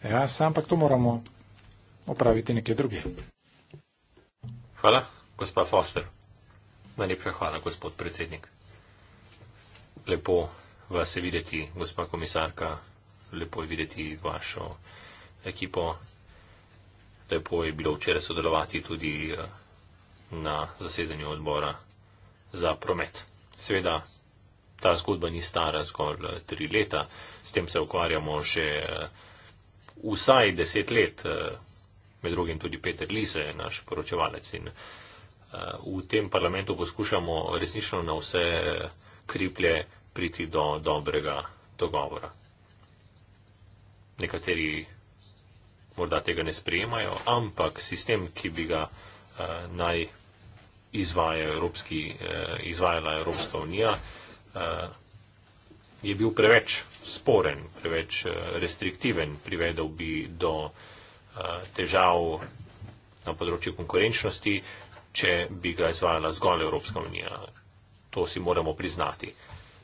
EASA, ampak to moramo opraviti nekje druge. Hvala, gospa Foster. Najlepša hvala, gospod predsednik. Lepo vas je videti, gospa komisarka, lepo je videti vašo ekipo Lepo je bilo včeraj sodelovati tudi eh, na zasedanju odbora za promet. Seveda, ta zgodba ni stara zgolj eh, tri leta, s tem se ukvarjamo že eh, vsaj deset let, med drugim tudi Peter Lise, naš poročevalec. In v tem parlamentu poskušamo resnično na vse kriplje priti do dobrega dogovora. Nekateri morda tega ne sprejemajo, ampak sistem, ki bi ga uh, naj izvaja Evropski, uh, izvajala Evropska unija, uh, je bil preveč sporen, preveč uh, restriktiven, privedel bi do uh, težav na področju konkurenčnosti, če bi ga izvajala zgolj Evropska unija. To si moramo priznati.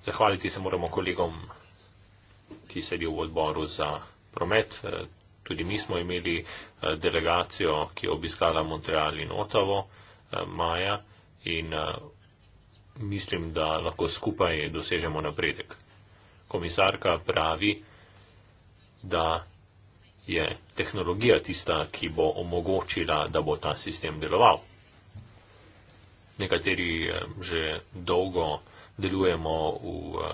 Zahvaliti se moramo kolegom, ki sedijo v odboru za promet, Tudi mi smo imeli eh, delegacijo, ki je obiskala Montreal in Otavo eh, maja in eh, mislim, da lahko skupaj dosežemo napredek. Komisarka pravi, da je tehnologija tista, ki bo omogočila, da bo ta sistem deloval. Nekateri že dolgo delujemo v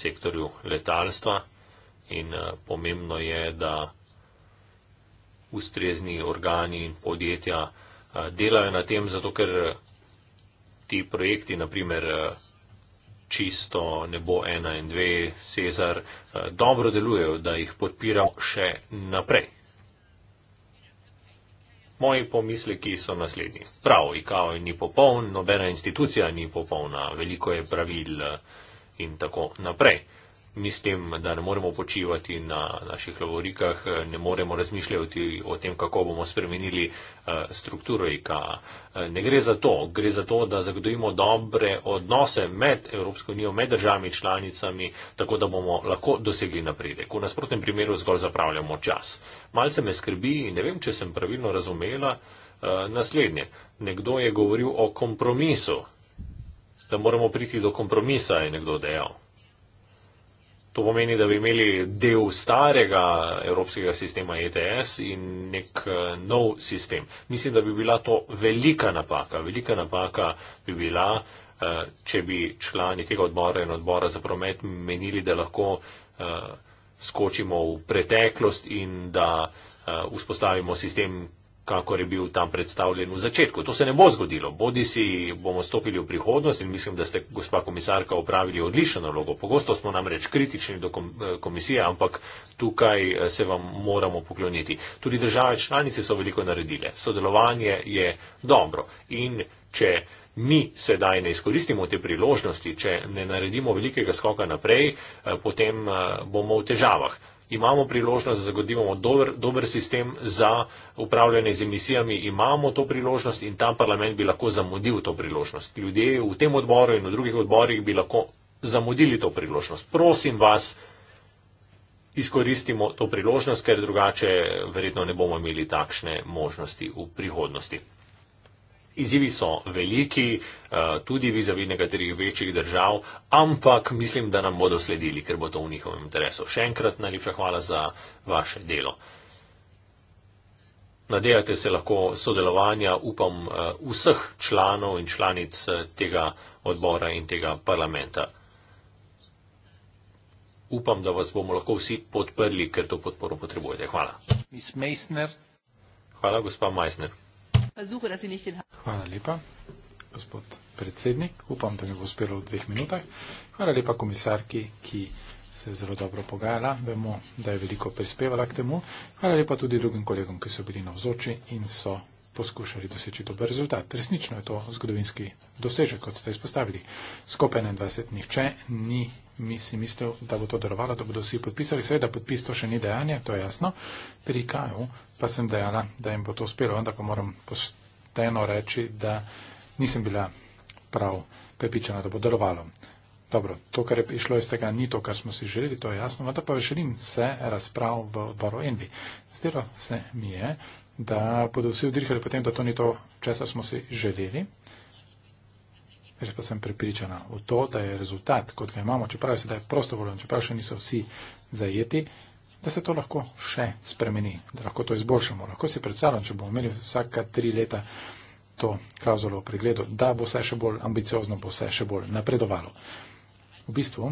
sektorju letalstva in pomembno je, da ustrezni organi in podjetja eh, delajo na tem, zato ker ti projekti, naprimer eh, čisto nebo 1 in 2, Cezar, eh, dobro delujejo, da jih podpiramo še naprej. Moji pomisleki so naslednji. Prav, IKO ni popoln, nobena institucija ni popolna, veliko je pravil in tako naprej mislim, da ne moremo počivati na naših lavorikah, ne moremo razmišljati o tem, kako bomo spremenili eh, strukturo IKA. Eh, ne gre za to, gre za to, da zagotovimo dobre odnose med Evropsko unijo, med državami članicami, tako da bomo lahko dosegli napredek. V nasprotnem primeru zgolj zapravljamo čas. Malce me skrbi in ne vem, če sem pravilno razumela eh, naslednje. Nekdo je govoril o kompromisu, da moramo priti do kompromisa, je nekdo dejal. To pomeni, da bi imeli del starega evropskega sistema ETS in nek eh, nov sistem. Mislim, da bi bila to velika napaka. Velika napaka bi bila, eh, če bi člani tega odbora in odbora za promet menili, da lahko eh, skočimo v preteklost in da vzpostavimo sistem, kakor je bil tam predstavljen v začetku. To se ne bo zgodilo. Bodi si bomo stopili v prihodnost in mislim, da ste, gospa komisarka, opravili odlično nalogo. Pogosto smo namreč kritični do eh, komisije, ampak tukaj eh, se vam moramo pokloniti. Tudi države članice so veliko naredile. Sodelovanje je dobro. In če mi sedaj ne izkoristimo te priložnosti, če ne naredimo velikega skoka naprej, eh, potem bomo v težavah imamo priložnost, da zagodimo dober, dober sistem za upravljanje z emisijami, imamo to priložnost in ta parlament bi lahko zamudil to priložnost. Ljudje v tem odboru in v drugih odborih bi lahko zamudili to priložnost. Prosim vas, izkoristimo to priložnost, ker drugače verjetno ne bomo imeli takšne možnosti v prihodnosti. Izzivi so veliki, eh, tudi vizavi nekaterih večjih držav, ampak mislim, da nam bodo sledili, ker bo to v njihovem interesu. Še enkrat najlepša hvala za vaše delo. Nadejate se lahko sodelovanja, upam, eh, vseh članov in članic eh, tega odbora in tega parlamenta. Upam, da vas bomo lahko vsi podprli, ker to podporo potrebujete. Hvala. Hvala, gospa Meissner. Zuhu, da si nihče ne. Hvala lepa, gospod predsednik. Upam, da mi bo uspelo v dveh minutah. Hvala lepa komisarki, ki se je zelo dobro pogajala. Vemo, da je veliko prispevala k temu. Hvala lepa tudi drugim kolegom, ki so bili navzoči in so poskušali doseči dober rezultat. Resnično je to zgodovinski dosežek, kot ste izpostavili. Skupaj 21 nihče ni mislim, mislil, da bo to darovalo, da bodo vsi podpisali. Seveda, podpis to še ni dejanje, to je jasno. Pri Kaju pa sem dejala, da jim bo to uspelo, vendar pa moram posteno reči, da nisem bila prav prepričana, da bo darovalo. Dobro, to, kar je prišlo iz tega, ni to, kar smo si želeli, to je jasno, vendar pa želim se razprav v odboru Envi. Zdelo se mi je, da bodo vsi odrihali potem, da to ni to, česar smo si želeli. Jaz pa sem pripričana v to, da je rezultat, kot ga imamo, čeprav se da je prostovoljno, čeprav še niso vsi zajeti, da se to lahko še spremeni, da lahko to izboljšamo. Lahko si predstavljam, če bomo imeli vsaka tri leta to klauzulo v pregledu, da bo vse še bolj ambiciozno, bo vse še bolj napredovalo. V bistvu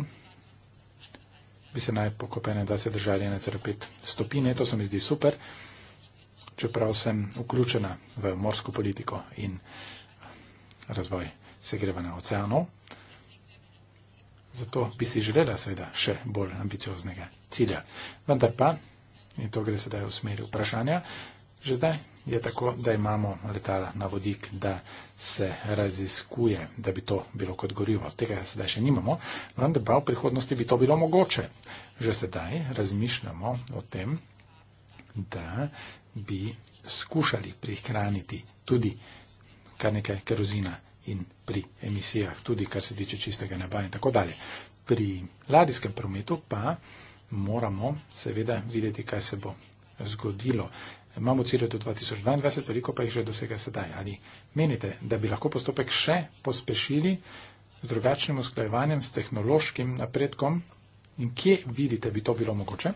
bi se naj pokopene, da se držali 1,5 stopinje, to se mi zdi super, čeprav sem vključena v morsko politiko in razvoj segrevanja oceanov. Zato bi si želela seveda še bolj ambicioznega cilja. Vendar pa, in to gre sedaj v smeri vprašanja, že zdaj je tako, da imamo letala na vodik, da se raziskuje, da bi to bilo kot gorivo. Tega sedaj še nimamo, vendar pa v prihodnosti bi to bilo mogoče. Že sedaj razmišljamo o tem, da bi skušali prihraniti tudi kar nekaj kerozina in pri emisijah, tudi kar se tiče čistega neba in tako dalje. Pri ladijskem prometu pa moramo seveda videti, kaj se bo zgodilo. Imamo cilje do 2022, veliko pa jih že dosega sedaj. Ali menite, da bi lahko postopek še pospešili z drugačnim usklajevanjem, s tehnološkim napredkom in kje vidite, bi to bilo mogoče?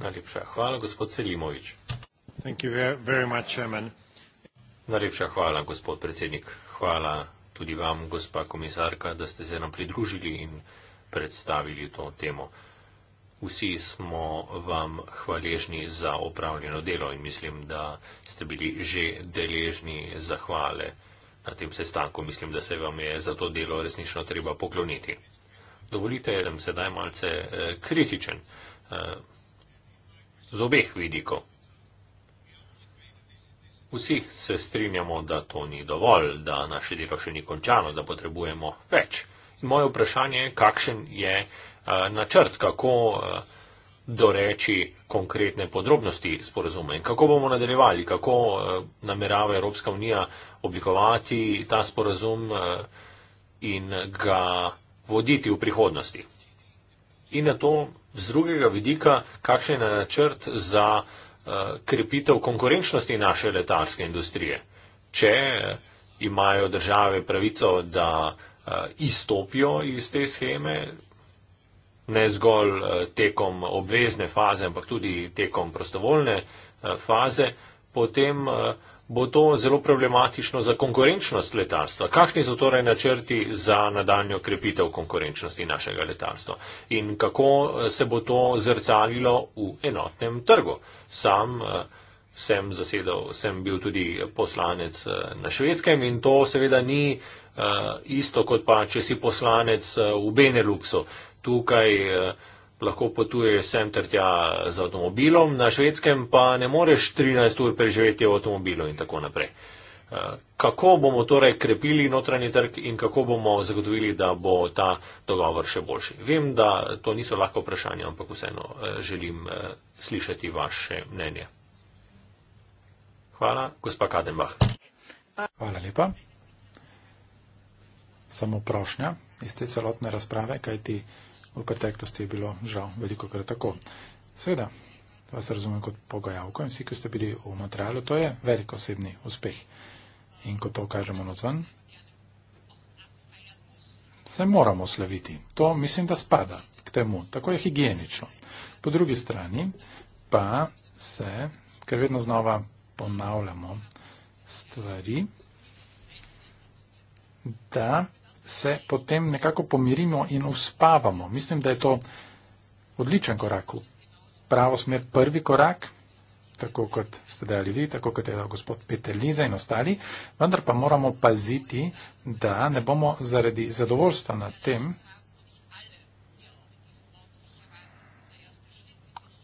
Najlepša hvala, gospod Selimovič. Thank you very much, Chairman. Najlepša hvala, gospod predsednik. Hvala tudi vam, gospa komisarka, da ste se nam pridružili in predstavili to temo. Vsi smo vam hvaležni za opravljeno delo in mislim, da ste bili že deležni zahvale na tem sestanku. Mislim, da se vam je za to delo resnično treba pokloniti. Dovolite, da sem sedaj malce eh, kritičen eh, z obeh vidikov. Vsi se strinjamo, da to ni dovolj, da naše delo še ni končano, da potrebujemo več. In moje vprašanje je, kakšen je uh, načrt, kako uh, doreči konkretne podrobnosti sporazuma in kako bomo nadaljevali, kako uh, namerava Evropska unija oblikovati ta sporazum uh, in ga voditi v prihodnosti. In na to z drugega vidika, kakšen je načrt za. Eh, krepitev konkurenčnosti naše letalske industrije. Če eh, imajo države pravico, da eh, izstopijo iz te scheme, ne zgolj tekom obvezne faze, ampak tudi tekom prostovoljne faze, potem uh, bo to zelo problematično za konkurenčnost letalstva. Kakšni so torej načrti za nadaljno krepitev konkurenčnosti našega letalstva in kako eh, se bo to zrcalilo v enotnem trgu? Sam eh, sem zasedal, sem bil tudi poslanec eh, na švedskem in to seveda ni isto kot pa, če si poslanec v Beneluxu. Tukaj lahko potuješ sem ter tja z avtomobilom, na švedskem pa ne moreš 13 ur preživeti v avtomobilu in tako naprej. Eh, kako bomo torej krepili notranji trg in kako bomo zagotovili, da bo ta dogovor še boljši? Vem, da to niso lahko vprašanja, ampak vseeno eh, želim eh, slišati vaše mnenje. Hvala, gospa Kadenbach. Hvala lepa. Samo prošnja iz te celotne razprave, kajti v preteklosti je bilo žal veliko krat tako. Seveda, vas razumem kot pogajalko in vsi, ki ste bili v materialu, to je velik osebni uspeh. In ko to kažemo nocven, se moramo slaviti. To mislim, da spada k temu. Tako je higienično. Po drugi strani pa se, ker vedno znova ponavljamo stvari, da se potem nekako pomirimo in uspavamo. Mislim, da je to odličen korak v pravo smer, prvi korak, tako kot ste dali vi, tako kot je dal gospod Peteliza in ostali, vendar pa moramo paziti, da ne bomo zaradi zadovoljstva nad tem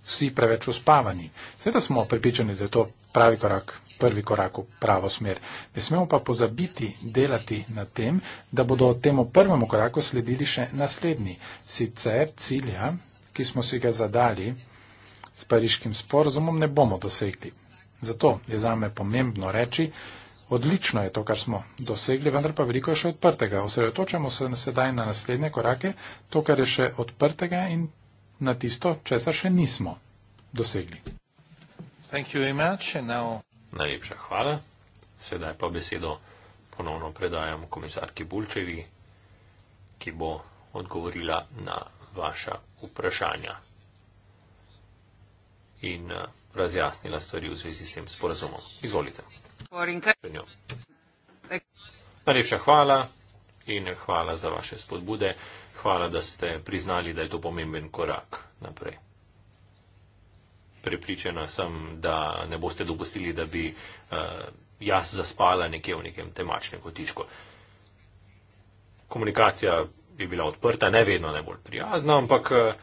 vsi preveč uspavani. Sveda smo pripričani, da je to pravi korak prvi korak v pravo smer. Ne smemo pa pozabiti delati na tem, da bodo temu prvemu koraku sledili še naslednji. Sicer cilja, ki smo si ga zadali s pariškim sporozumom, ne bomo dosegli. Zato je za me pomembno reči, odlično je to, kar smo dosegli, vendar pa veliko je še odprtega. Osredotočamo se sedaj na naslednje korake, to, kar je še odprtega in na tisto, česar še nismo dosegli. Thank you very much. And now... Najlepša hvala. Sedaj pa besedo ponovno predajam komisarki Bulčevi, ki bo odgovorila na vaša vprašanja in eh, razjasnila stvari v zvezi s tem sporazumom. Izvolite. Najlepša hvala in hvala za vaše spodbude. Hvala, da ste priznali, da je to pomemben korak naprej prepričana sem, da ne boste dopustili, da bi uh, jaz zaspala nekje v nekem temačnem kotičku. Komunikacija je bila odprta, ne vedno najbolj prijazna, ampak uh,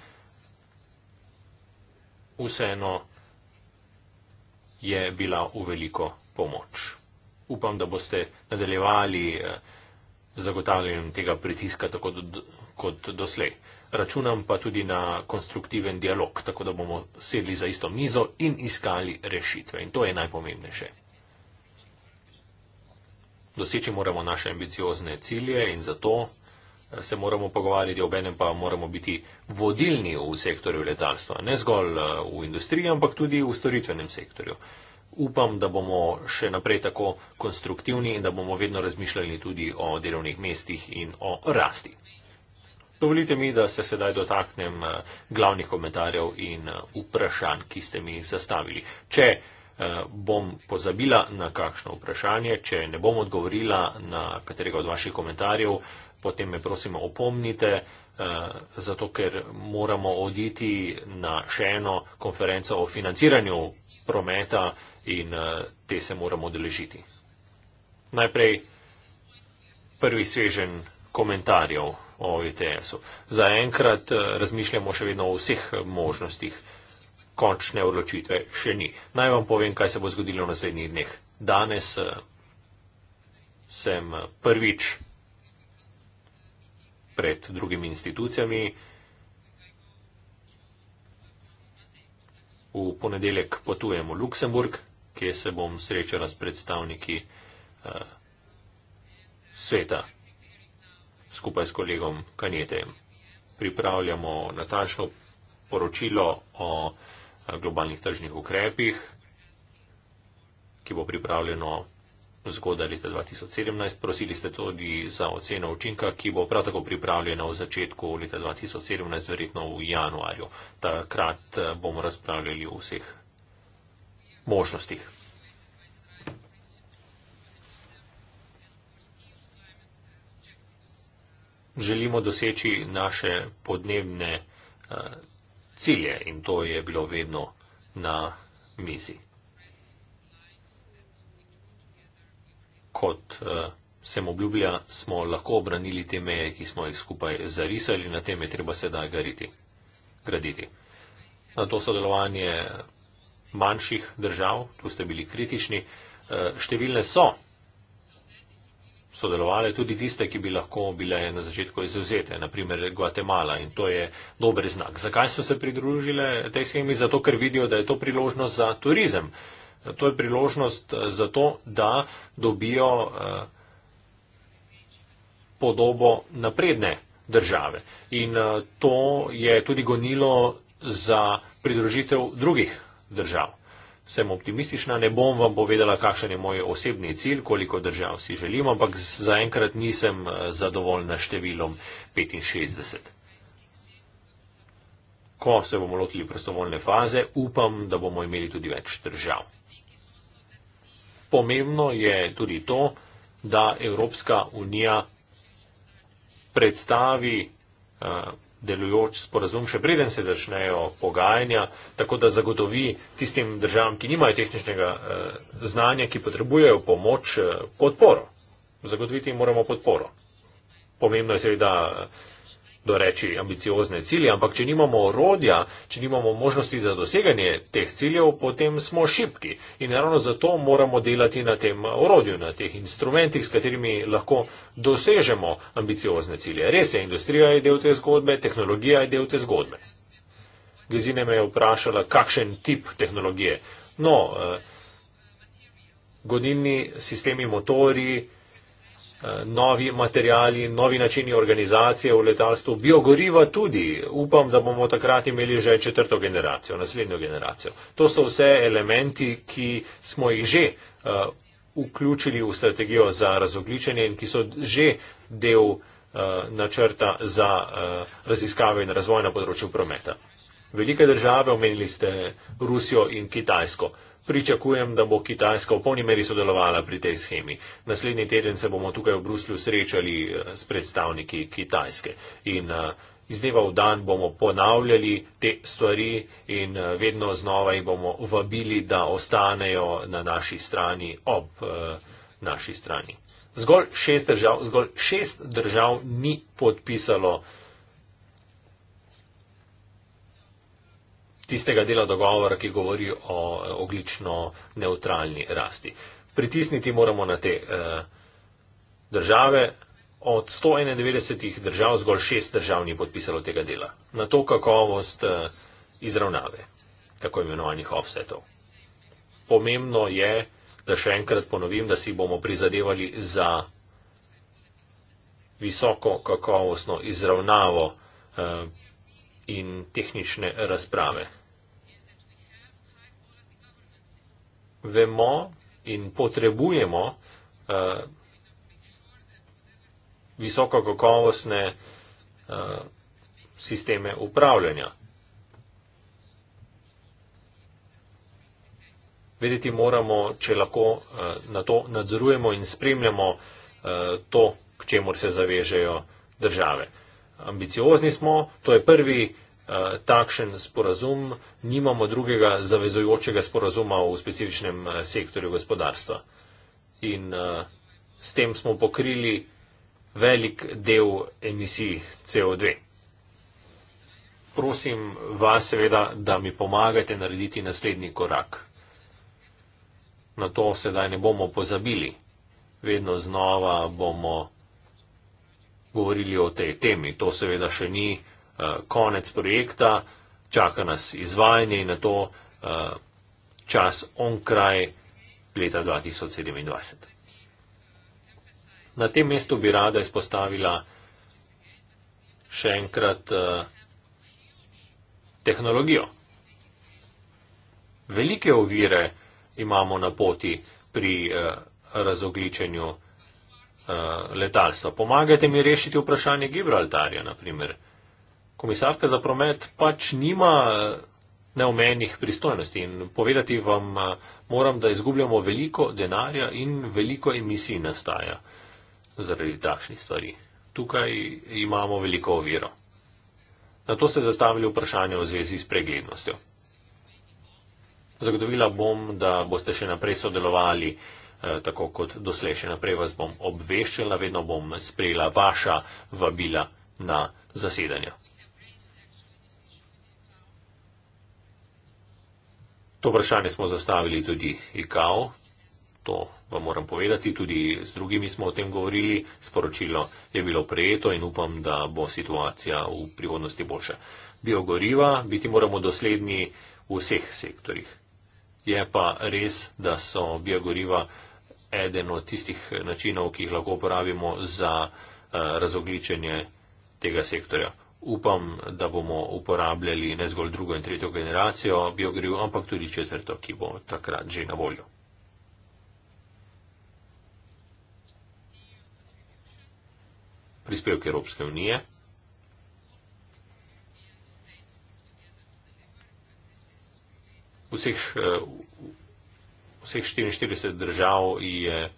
vseeno je bila v veliko pomoč. Upam, da boste nadaljevali uh, zagotavljanjem tega pritiska tako do, kot doslej računam pa tudi na konstruktiven dialog, tako da bomo sedli za isto mizo in iskali rešitve. In to je najpomembnejše. Doseči moramo naše ambiciozne cilje in zato eh, se moramo pogovarjati, obenem pa moramo biti vodilni v sektorju letalstva, ne zgolj eh, v industriji, ampak tudi v storitvenem sektorju. Upam, da bomo še naprej tako konstruktivni in da bomo vedno razmišljali tudi o delovnih mestih in o rasti. Dovolite mi, da se sedaj dotaknem eh, glavnih komentarjev in eh, vprašanj, ki ste mi zastavili. Če eh, bom pozabila na kakšno vprašanje, če ne bom odgovorila na katerega od vaših komentarjev, potem me prosim opomnite, zato ker moramo oditi na še eno konferenco o financiranju prometa in te se moramo deležiti. Najprej prvi svežen komentarjev o ITS-u. E Zaenkrat eh, razmišljamo še vedno o vseh možnostih. Končne odločitve še ni. Naj vam povem, kaj se bo zgodilo v naslednjih dneh. Danes eh, sem eh, prvič pred drugimi institucijami. V ponedeljek potujem v Luksemburg, kjer se bom srečala s predstavniki sveta skupaj s kolegom Kanjetem. Pripravljamo natančno poročilo o eh, globalnih tržnih ukrepih, ki bo pripravljeno zgodaj leta 2017. Prosili ste tudi za oceno učinka, ki bo prav tako pripravljena v začetku leta 2017, verjetno v januarju. Takrat eh, bomo razpravljali o vseh možnostih. želimo doseči naše podnebne eh, cilje in to je bilo vedno na mizi. Kot eh, sem obljubila, smo lahko obranili te meje, ki smo jih skupaj zarisali, na tem je treba sedaj gariti, graditi. Na to sodelovanje manjših držav, tu ste bili kritični, eh, številne so sodelovali tudi tiste, ki bi lahko bile na začetku izuzete, naprimer Gvatemala in to je dober znak. Zakaj so se pridružile tej schemi? Zato, ker vidijo, da je to priložnost za turizem. To je priložnost eh, za to, da dobijo eh, podobo napredne države. In eh, to je tudi gonilo za pridružitev drugih držav sem optimistična, ne bom vam povedala, kakšen je moj osebni cilj, koliko držav si želim, ampak zaenkrat nisem eh, zadovoljna številom 65. Ko se bomo lotili prostovoljne faze, upam, da bomo imeli tudi več držav. Pomembno je tudi to, da Evropska unija predstavi eh, delujoč sporazum, še preden se začnejo pogajanja, tako da zagotovi tistim državam, ki nimajo tehničnega eh, znanja, ki potrebujejo pomoč, eh, podporo. Zagotoviti jim moramo podporo. Pomembno je seveda. Eh, doreči ambiciozne cilje, ampak če nimamo orodja, če nimamo možnosti za doseganje teh ciljev, potem smo šipki. In ravno zato moramo delati na tem orodju, na teh instrumentih, s katerimi lahko dosežemo ambiciozne cilje. Res je, industrija je del te zgodbe, tehnologija je del te zgodbe. Gezine me je vprašala, kakšen tip tehnologije. No, eh, godinni sistemi, motori, eh, novi materijali, novi načini organizacije v letalstvu, biogoriva tudi. Upam, da bomo takrat imeli že četrto generacijo, naslednjo generacijo. To so vse elementi, ki smo jih že uh, vključili v strategijo za razogličenje in ki so že del uh, načrta za uh, raziskave in razvoj na področju prometa. Velike države, omenili ste Rusijo in Kitajsko. Uh, Pričakujem, da bo Kitajska v polni meri sodelovala pri tej schemi. Naslednji teden se bomo tukaj v Bruslju srečali eh, s predstavniki Kitajske. In eh, iz dneva v dan bomo ponavljali te stvari in eh, vedno znova jih bomo vabili, da ostanejo na naši strani, ob naši strani. Zgolj šest držav, zgolj šest držav ni podpisalo. tistega dela dogovora, ki govori o oglično neutralni rasti. Pritisniti moramo na te eh, države. Od 191 držav zgolj šest držav ni podpisalo tega dela. Na to kakovost eh, izravnave, tako imenovanih offsetov. Pomembno je, da še enkrat ponovim, da si bomo prizadevali za visoko kakovostno izravnavo. Eh, in tehnične razprave. Vemo in potrebujemo uh, visoko kakovostne uh, sisteme upravljanja. Vedeti moramo, če lahko uh, na to nadzorujemo in spremljamo uh, to, k čemur se zavežejo države ambiciozni smo, to je prvi eh, takšen sporazum, nimamo drugega zavezujočega sporazuma v specifičnem eh, sektorju gospodarstva. In eh, s tem smo pokrili velik del emisij CO2. Prosim vas, seveda, da mi pomagate narediti naslednji korak. Na to sedaj ne bomo pozabili. Vedno znova bomo govorili o tej temi. To seveda še ni uh, konec projekta, čaka nas izvajanje in na to uh, eh, čas onkraj leta 2027. Na tem mestu bi rada izpostavila še enkrat uh, tehnologijo. Velike ovire imamo na poti pri uh, razogličenju Eh, letalstva. Pomagajte mi rešiti vprašanje Gibraltarja, naprimer. Komisarka za promet pač nima eh, neomenih pristojnosti in povedati vam eh, moram, da izgubljamo veliko denarja in veliko emisij nastaja zaradi takšnih stvari. Tukaj imamo veliko oviro. Na to se je zastavili vprašanje v zvezi s preglednostjo. Zagotovila bom, da boste še naprej sodelovali uh, Eh, tako kot doslej. Še naprej vas bom obveščala, vedno bom sprejela vaša vabila na zasedanje. To vprašanje smo zastavili tudi IKAO, to vam moram povedati, tudi z drugimi smo o tem govorili, sporočilo je bilo prejeto in upam, da bo situacija v prihodnosti boljša. Biogoriva, biti moramo dosledni v vseh sektorjih. Je pa res, da so biogoriva eden od tistih eh, načinov, ki jih lahko uporabimo za eh, razogličenje tega sektorja. Upam, da bomo uporabljali ne zgolj drugo in tretjo generacijo biogriv, ampak tudi četrto, ki bo takrat že na voljo. Prispevke Evropske unije. Vseh eh, vseh 44 držav je eh,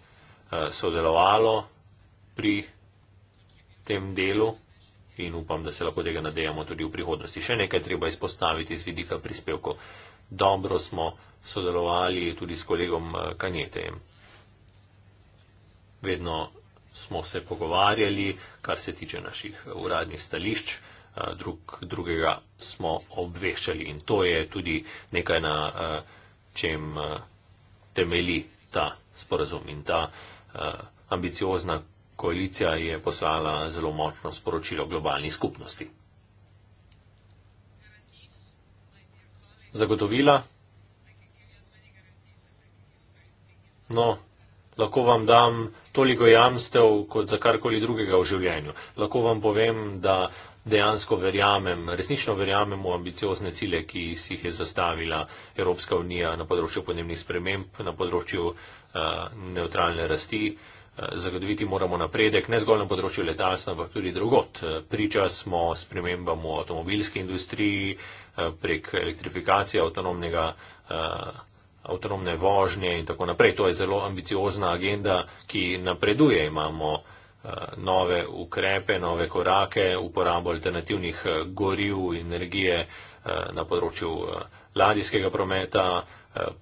sodelovalo pri tem delu in upam, da se lahko tega nadejamo tudi v prihodnosti. Še nekaj treba izpostaviti z vidika prispevkov. Dobro smo sodelovali tudi s kolegom eh, Kanjetejem. Vedno smo se pogovarjali, kar se tiče naših eh, uradnih stališč, drug, drugega smo obveščali in to je tudi nekaj na čem temeli ta sporazum. In ta uh, ambiciozna koalicija je poslala zelo močno sporočilo globalni skupnosti. Zagotovila? No, lahko vam dam toliko jamstev kot za karkoli drugega v življenju. Lahko vam povem, da dejansko verjamem, resnično verjamem v ambiciozne cilje, ki si jih je zastavila Evropska unija na področju podnebnih sprememb, na področju uh, eh, neutralne rasti. Eh, zagotoviti moramo napredek ne zgolj na področju letalstva, ampak tudi drugot. Eh, priča smo spremembam v avtomobilski industriji prek elektrifikacije avtonomnega, avtonomne vožnje in tako naprej. To je zelo ambiciozna agenda, ki napreduje. Imamo Eh, nove ukrepe, nove korake, uporabo alternativnih eh, goriv, energije eh, na področju ladijskega prometa,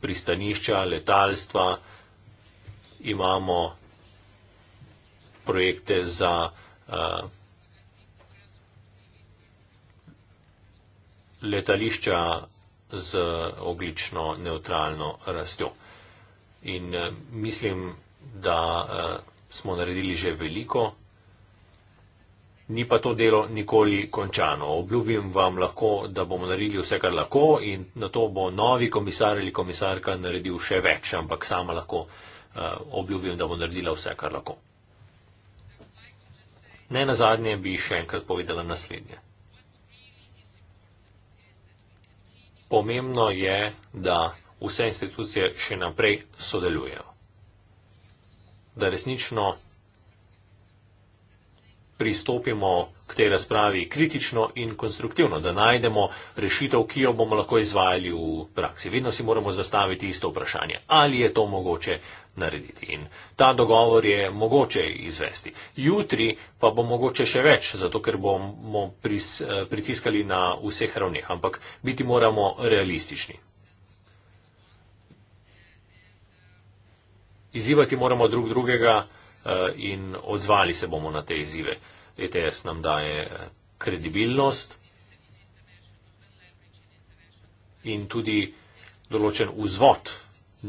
pristanišča, letalstva. Imamo projekte za letališča z oglično neutralno rastjo. In mislim, da smo naredili že veliko, ni pa to delo nikoli končano. Obljubim vam lahko, da bomo naredili vse, kar lahko in na to bo novi komisar ali komisarka naredil še več, ampak sama lahko uh, obljubim, da bo naredila vse, kar lahko. Ne na zadnje bi še enkrat povedala naslednje. Pomembno je, da vse institucije še naprej sodelujejo da resnično pristopimo k tej razpravi kritično in konstruktivno, da najdemo rešitev, ki jo bomo lahko izvajali v praksi. Vedno si moramo zastaviti isto vprašanje, ali je to mogoče narediti. In ta dogovor je mogoče izvesti. Jutri pa bo mogoče še več, zato ker bomo eh, pritiskali na vseh ravneh, ampak biti moramo realistični. izzivati moramo drug drugega eh, in odzvali se bomo na te izzive. ETS er nam daje eh, kredibilnost in tudi določen vzvod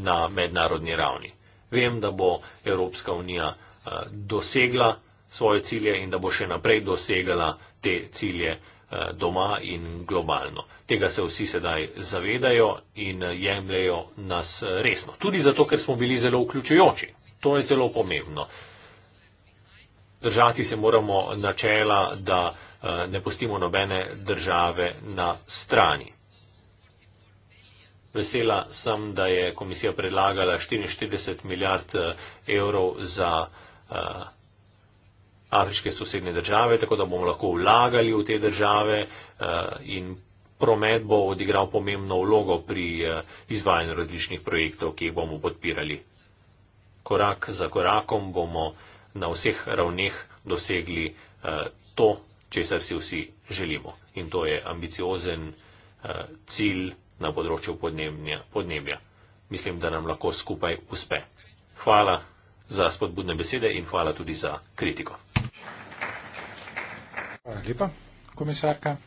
na mednarodni ravni. Vem, da bo Evropska unija eh, dosegla svoje cilje in da bo še naprej dosegala te cilje. Eh, doma in globalno. Tega se vsi sedaj zavedajo in jemljajo nas eh, resno. Tudi zato, ker smo bili zelo vključujoči. To je zelo pomembno. Držati se moramo načela, da eh, ne pustimo nobene države na strani. Vesela sem, da je komisija predlagala 44 milijard evrov za afriške sosednje države, tako da bomo lahko vlagali v te države eh, in promet bo odigral pomembno vlogo pri eh, izvajanju različnih projektov, ki jih bomo podpirali. Korak za korakom bomo na vseh ravneh dosegli eh, to, česar si vsi želimo. In to je ambiciozen cilj na področju podnebnja, podnebja. Mislim, da nam lahko skupaj uspe. Hvala za spodbudne besede in hvala tudi za kritiko. Hvala lepa, komisarka.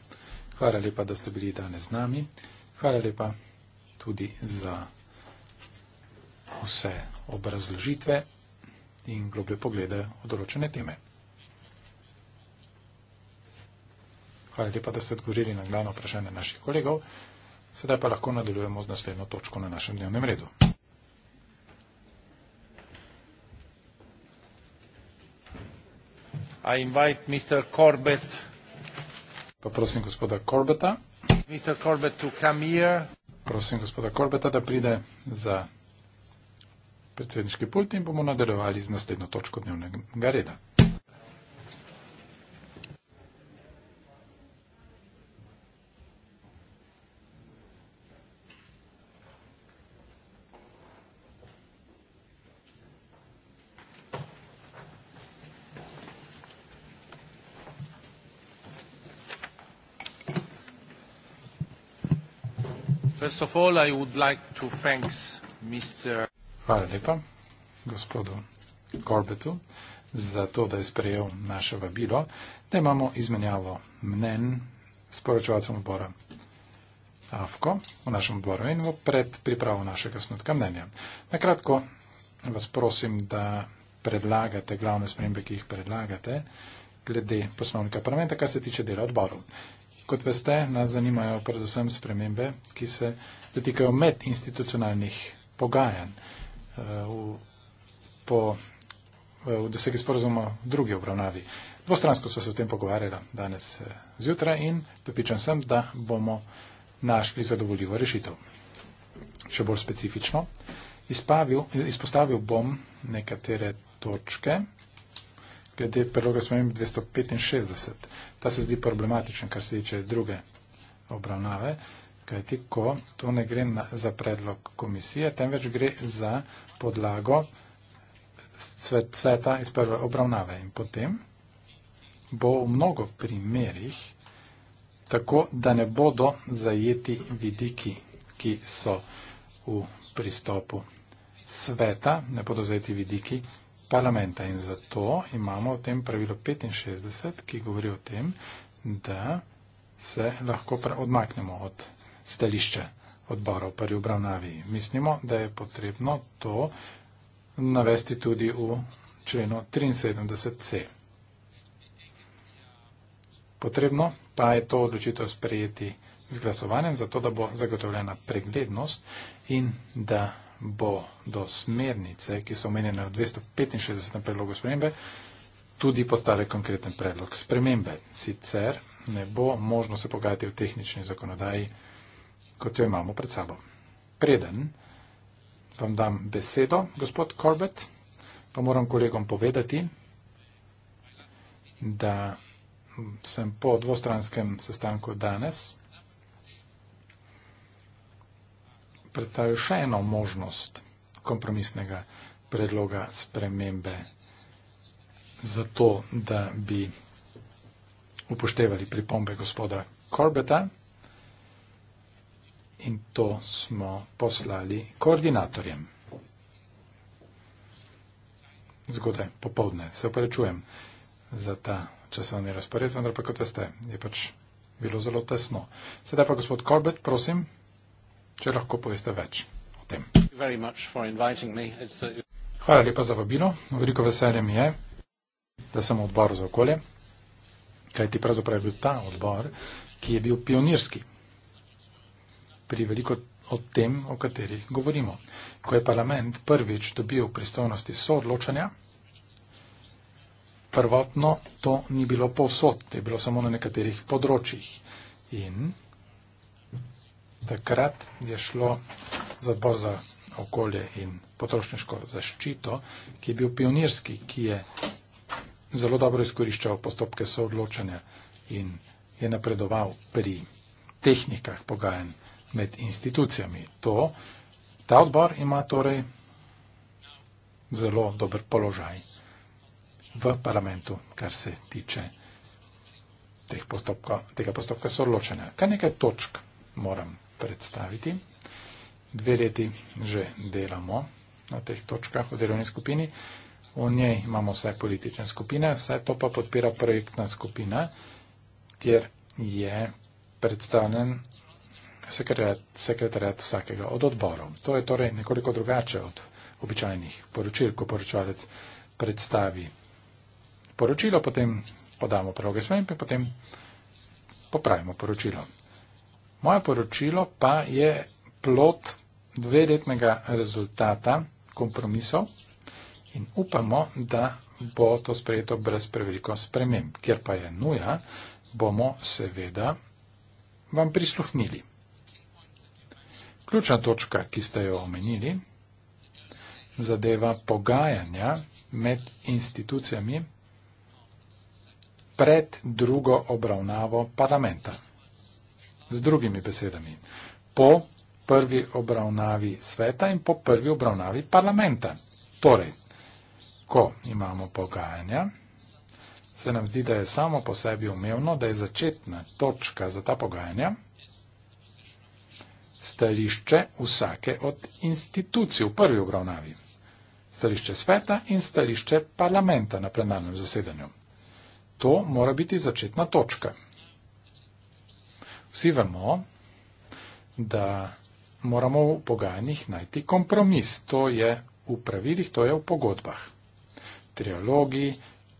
Hvala lepa, da ste bili danes z nami. Hvala lepa tudi za vse obrazložitve in globlje poglede v določene teme. Hvala lepa, da ste odgovorili na glavno vprašanje naših kolegov. Sedaj pa lahko nadaljujemo z naslednjo točko na našem dnevnem redu. I invite Mr. Corbett. Poprosim gospoda Corbetta. Mr. Corbett to come here. Prosim gospoda Corbetta, da pride za predsedniški pult in bomo nadaljevali z naslednjo točko dnevnega reda. first of all, I would like to thanks Mr. Hvala lepa gospodu Korbetu za to, da je sprejel naše vabilo, da imamo izmenjavo mnen s poročevalcem odbora AFKO v našem odboru in pred pripravo našega snutka mnenja. Nakratko vas prosim, da predlagate glavne spremembe, ki jih predlagate, glede poslovnika parlamenta, kar se tiče dela odborov. Kot veste, nas zanimajo predvsem spremembe, ki se dotikajo medinstitucionalnih pogajanj eh, v, po, eh, v dosegi sporozuma v drugi obravnavi. Dvostransko so se o tem pogovarjala danes eh, zjutraj in pripričan sem, da bomo našli zadovoljivo rešitev. Še bolj specifično, izpavil, izpostavil bom nekatere točke glede predloga spremembe 265 ta se zdi problematičen, kar se tiče druge obravnave, kajti ko to ne gre na, za predlog komisije, temveč gre za podlago svet, sveta iz prve obravnave. In potem bo v mnogo primerjih tako, da ne bodo zajeti vidiki, ki so v pristopu sveta, ne bodo zajeti vidiki, parlamenta in zato imamo v tem pravilu 65, ki govori o tem, da se lahko odmaknemo od stališče odbora v prvi obravnavi. Mislimo, da je potrebno to navesti tudi v členu 73c. Potrebno pa je to odločitev sprejeti z glasovanjem, zato da bo zagotovljena preglednost in da bo do smernice, ki so omenjene v 265. predlogu spremembe, tudi postale konkreten predlog spremembe. Sicer ne bo možno se pogajati v tehnični zakonodaji, kot jo imamo pred sabo. Preden vam dam besedo, gospod Corbett, pa moram kolegom povedati, da sem po dvostranskem sestanku danes predstavil še eno možnost kompromisnega predloga spremembe za to, da bi upoštevali pripombe gospoda Korbeta in to smo poslali koordinatorjem. Zgodaj, popovdne, se oprečujem za ta časovni razpored, vendar pa kot veste, je pač bilo zelo tesno. Sedaj pa gospod Korbet, prosim če lahko poveste več o tem. Hvala lepa za vabilo. Veliko veselje mi je, da sem v odboru za okolje, kajti pravzaprav je bil ta odbor, ki je bil pionirski pri veliko o tem, o katerih govorimo. Ko je parlament prvič dobil pristojnosti soodločanja, prvotno to ni bilo povsod, to je bilo samo na nekaterih področjih. In Takrat je šlo za odbor za okolje in potrošniško zaščito, ki je bil pionirski, ki je zelo dobro izkoriščal postopke soodločanja in je napredoval pri tehnikah pogajanj med institucijami. To, ta odbor ima torej zelo dober položaj v parlamentu, kar se tiče teh postopka, tega postopka soodločanja. Kaj nekaj točk moram predstaviti. Dve leti že delamo na teh točkah v delovni skupini. V njej imamo vse politične skupine, vse to pa podpira projektna skupina, kjer je predstavljen sekretariat, sekretariat vsakega od odborov. To je torej nekoliko drugače od običajnih poročil, ko poročalec predstavi poročilo, potem podamo predloge smem, potem popravimo poročilo. Moje poročilo pa je plot dveletnega rezultata kompromisov in upamo, da bo to sprejeto brez preveliko sprememb. Ker pa je nuja, bomo seveda vam prisluhnili. Ključna točka, ki ste jo omenili, zadeva pogajanja med institucijami pred drugo obravnavo parlamenta. Z drugimi besedami, po prvi obravnavi sveta in po prvi obravnavi parlamenta. Torej, ko imamo pogajanja, se nam zdi, da je samo po sebi umevno, da je začetna točka za ta pogajanja stališče vsake od institucij v prvi obravnavi. Stališče sveta in stališče parlamenta na plenarnem zasedanju. To mora biti začetna točka. Vsi vemo, da moramo v pogajanjih najti kompromis. To je v pravilih, to je v pogodbah. Triologi,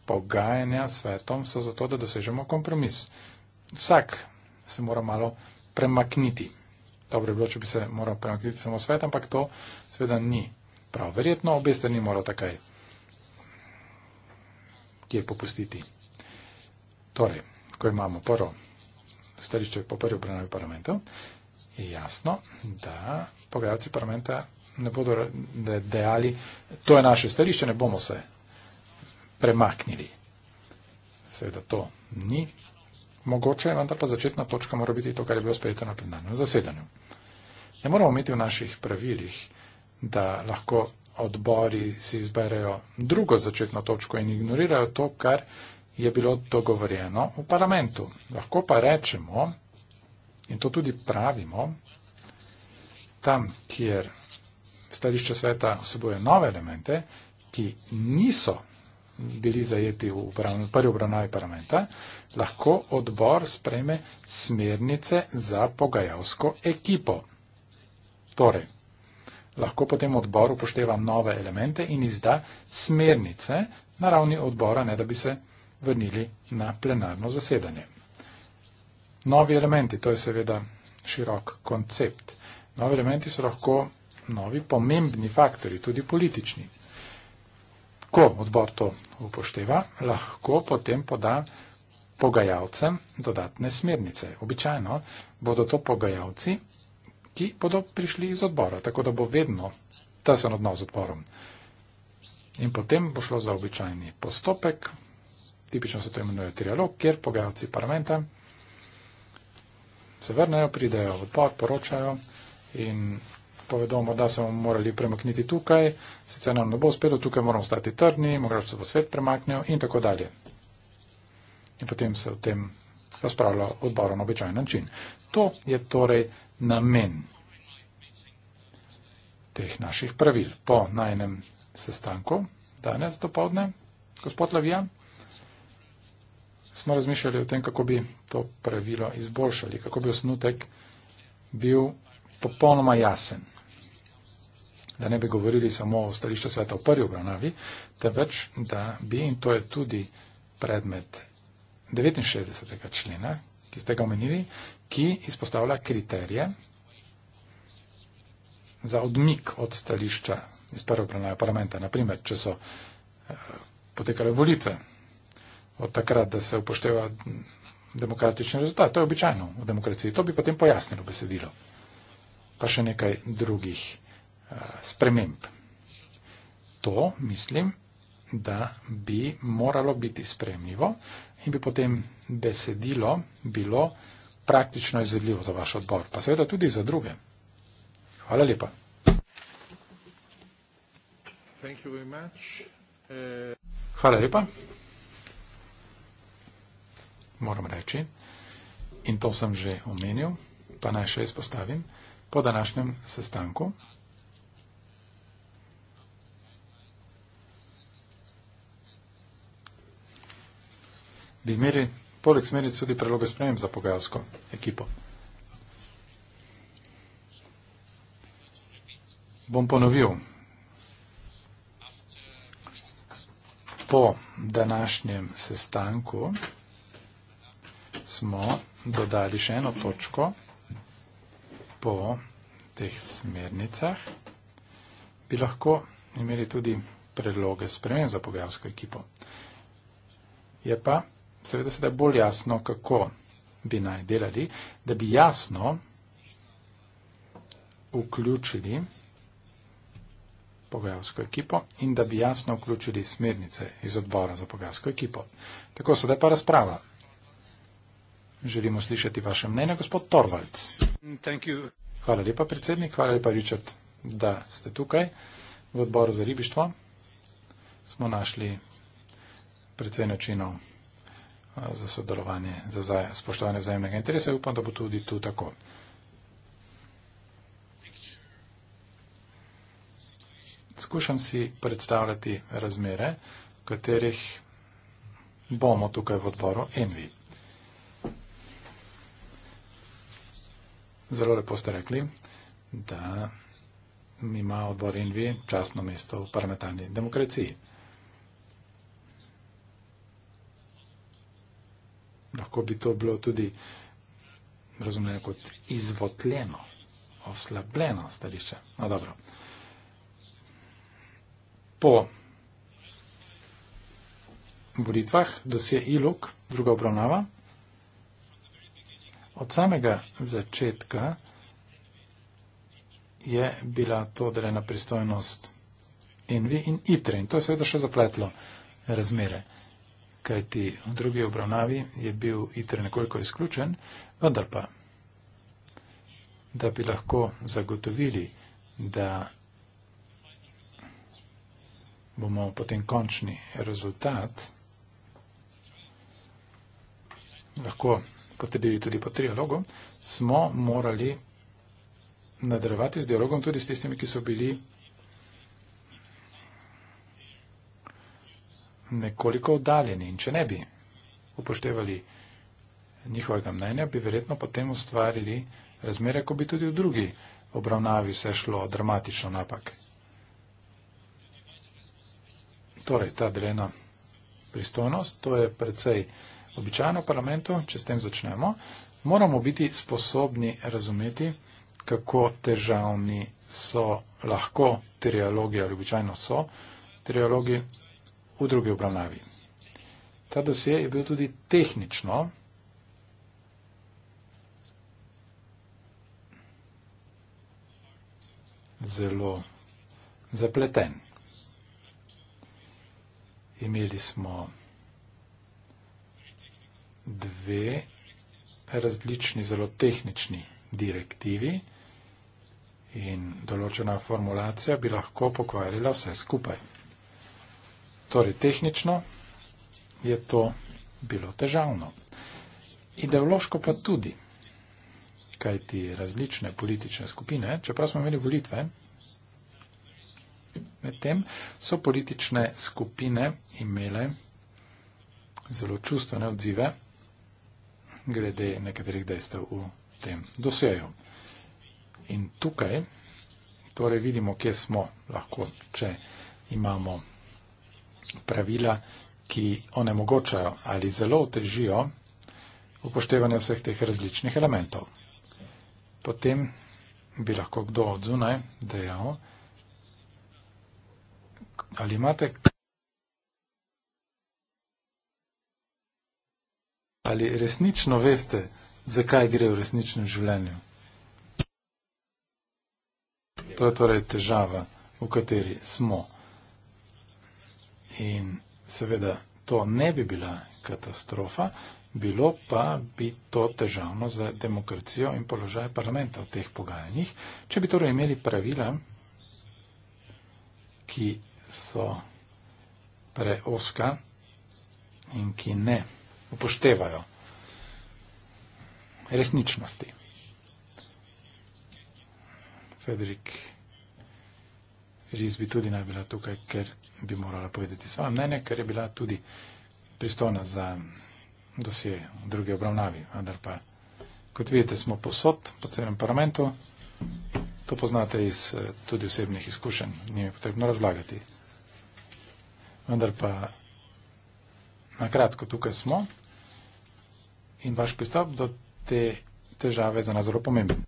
pogajanja s svetom so zato, da dosežemo kompromis. Vsak se mora malo premakniti. Dobro je bilo, če bi se moral premakniti samo svet, ampak to seveda ni prav. Verjetno obe strani morajo takaj kje popustiti. Torej, ko imamo prvo stališče po prvi obravnavi parlamenta, je jasno, da pogajalci parlamenta ne bodo dejali, to je naše stališče, ne bomo se premaknili. Seveda to ni mogoče, vendar pa začetna točka mora biti to, kar je bilo sprejeto na plenarnem zasedanju. Ne moramo imeti v naših pravilih, da lahko odbori si izberejo drugo začetno točko in ignorirajo to, kar je bilo dogovorjeno v parlamentu. Lahko pa rečemo, in to tudi pravimo, tam, kjer stališče sveta vsebuje nove elemente, ki niso bili zajeti v prvi obravnavi parlamenta, lahko odbor sprejme smernice za pogajalsko ekipo. Torej, lahko potem odbor upošteva nove elemente in izda smernice na ravni odbora, ne da bi se vrnili na plenarno zasedanje. Novi elementi, to je seveda širok koncept. Novi elementi so lahko novi pomembni faktori, tudi politični. Ko odbor to upošteva, lahko potem poda pogajalcem dodatne smernice. Običajno bodo to pogajalci, ki bodo prišli iz odbora, tako da bo vedno tesen odnos z odborom. In potem bo šlo za običajni postopek, tipično se to imenuje trialog, kjer pogajalci parlamenta se vrnejo, pridejo v odpor, poročajo in povedo, da se bomo morali premakniti tukaj, sicer nam ne bo uspelo, tukaj moramo ostati trdni, mogoče se bo svet premaknil in tako dalje. In potem se o tem razpravlja odbor na običajen način. To je torej namen teh naših pravil. Po najnem sestanku danes dopoledne, gospod Lavija, smo razmišljali o tem, kako bi to pravilo izboljšali, kako bi osnutek bil popolnoma jasen. Da ne bi govorili samo o stališču sveta v prvi obravnavi, temveč da bi, in to je tudi predmet 69. člena, ki ste ga omenili, ki izpostavlja kriterije za odmik od stališča iz prve obravnave parlamenta. Naprimer, če so eh, potekale volitve od takrat, da se upošteva demokratični rezultat. To je običajno v demokraciji. To bi potem pojasnilo besedilo. Pa še nekaj drugih eh, sprememb. To mislim, da bi moralo biti spremljivo in bi potem besedilo bilo praktično izvedljivo za vaš odbor, pa seveda tudi za druge. Hvala lepa. Eh, Hvala lepa moram reči, in to sem že omenil, pa naj še izpostavim, po današnjem sestanku bi imeli poleg smernic tudi predloge sprejem za pogajalsko ekipo. Bom ponovil. Po današnjem sestanku smo dodali še eno točko po teh smernicah, bi lahko imeli tudi predloge sprememb za pogajalsko ekipo. Je pa seveda sedaj bolj jasno, kako bi naj delali, da bi jasno vključili pogajalsko ekipo in da bi jasno vključili smernice iz odbora za pogajalsko ekipo. Tako, sedaj pa razprava. Želimo slišati vaše mnenje, gospod Torvalds. Hvala lepa, predsednik. Hvala lepa, Richard, da ste tukaj v odboru za ribištvo. Smo našli predvsej načinov za sodelovanje, za spoštovanje vzajemnega interesa. Upam, da bo tudi tu tako. Skušam si predstavljati razmere, v katerih bomo tukaj v odboru Envid. Zelo lepo ste rekli, da ima odbor Envi časno mesto v parlamentarni demokraciji. Lahko bi to bilo tudi razumljeno kot izvotljeno, oslabljeno stališče. No dobro. Po volitvah dosje ILUK, druga obravnava. Od samega začetka je bila to deljena pristojnost Envi in Itre. In to je seveda še zapletlo razmere. Kajti v drugi obravnavi je bil Itre nekoliko izključen, vendar pa, da bi lahko zagotovili, da bomo potem končni rezultat lahko potrebili tudi po trialogu, smo morali nadaljevati z dialogom tudi s tistimi, ki so bili nekoliko oddaljeni. In če ne bi upoštevali njihovega mnenja, bi verjetno potem ustvarili razmere, ko bi tudi v drugi obravnavi se šlo dramatično napak. Torej, ta deljena pristojnost, to je predvsej običajno v parlamentu, če s tem začnemo, moramo biti sposobni razumeti, kako težavni so lahko trialogi ali običajno so trialogi v drugi obravnavi. Ta dosje je bil tudi tehnično zelo zapleten. Imeli smo dve različni, zelo tehnični direktivi in določena formulacija bi lahko pokvarila vse skupaj. Torej, tehnično je to bilo težavno. Ideološko pa tudi, kajti različne politične skupine, čeprav smo imeli volitve, medtem so politične skupine imele zelo čustvene odzive glede nekaterih dejstev v tem dosjeju. In tukaj torej vidimo, kje smo lahko, če imamo pravila, ki onemogočajo ali zelo otežijo upoštevanje vseh teh različnih elementov. Potem bi lahko kdo od zunaj dejal, ali imate. ali resnično veste, zakaj gre v resničnem življenju. To je torej težava, v kateri smo. In seveda to ne bi bila katastrofa, bilo pa bi to težavno za demokracijo in položaj parlamenta v teh pogajanjih, če bi torej imeli pravila, ki so preoska in ki ne upoštevajo resničnosti. Frederik Riz bi tudi naj bila tukaj, ker bi morala povedati svoje mnenje, ker je bila tudi pristojna za dosje v druge obravnavi. Vendar pa, kot vidite, smo posod po celem parlamentu. To poznate iz eh, tudi osebnih izkušenj, ni mi potrebno razlagati. Vendar pa, na kratko, tukaj smo in vaš pristop do te težave za nas zelo pomemben.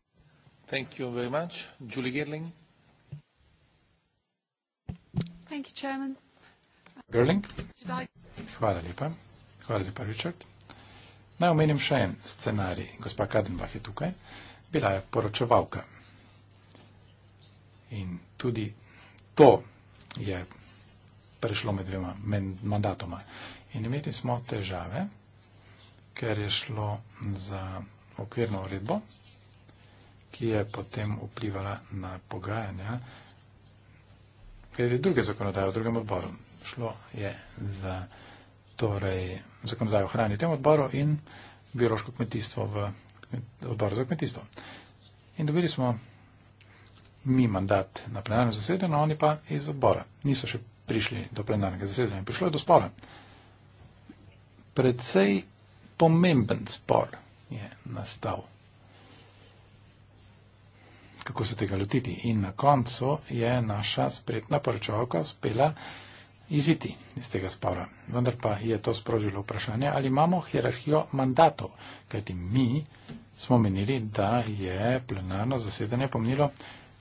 Thank you very much. Julie Gerling. Thank you, Chairman. Gerling. Hvala lepa. Hvala lepa, Richard. Naj omenim še en scenarij. Gospa Kadenbach je tukaj. Bila je poročevalka. In tudi to je prešlo med dvema mandatoma. In imeli smo težave ker je šlo za okvirno uredbo, ki je potem vplivala na pogajanja, glede druge zakonodaje v drugem odboru. Šlo je za torej, zakonodajo o hrani v tem odboru in biološko kmetijstvo v odboru za kmetijstvo. In dobili smo mi mandat na plenarnem zasedanju, oni pa iz odbora. Niso še prišli do plenarnega zasedanja. Prišlo je do spora. Predvsej pomemben spor je nastal. Kako se tega lotiti? In na koncu je naša spretna poročovalka uspela iziti iz tega spora. Vendar pa je to sprožilo vprašanje, ali imamo hierarhijo mandatov. Kajti mi smo menili, da je plenarno zasedanje pomnilo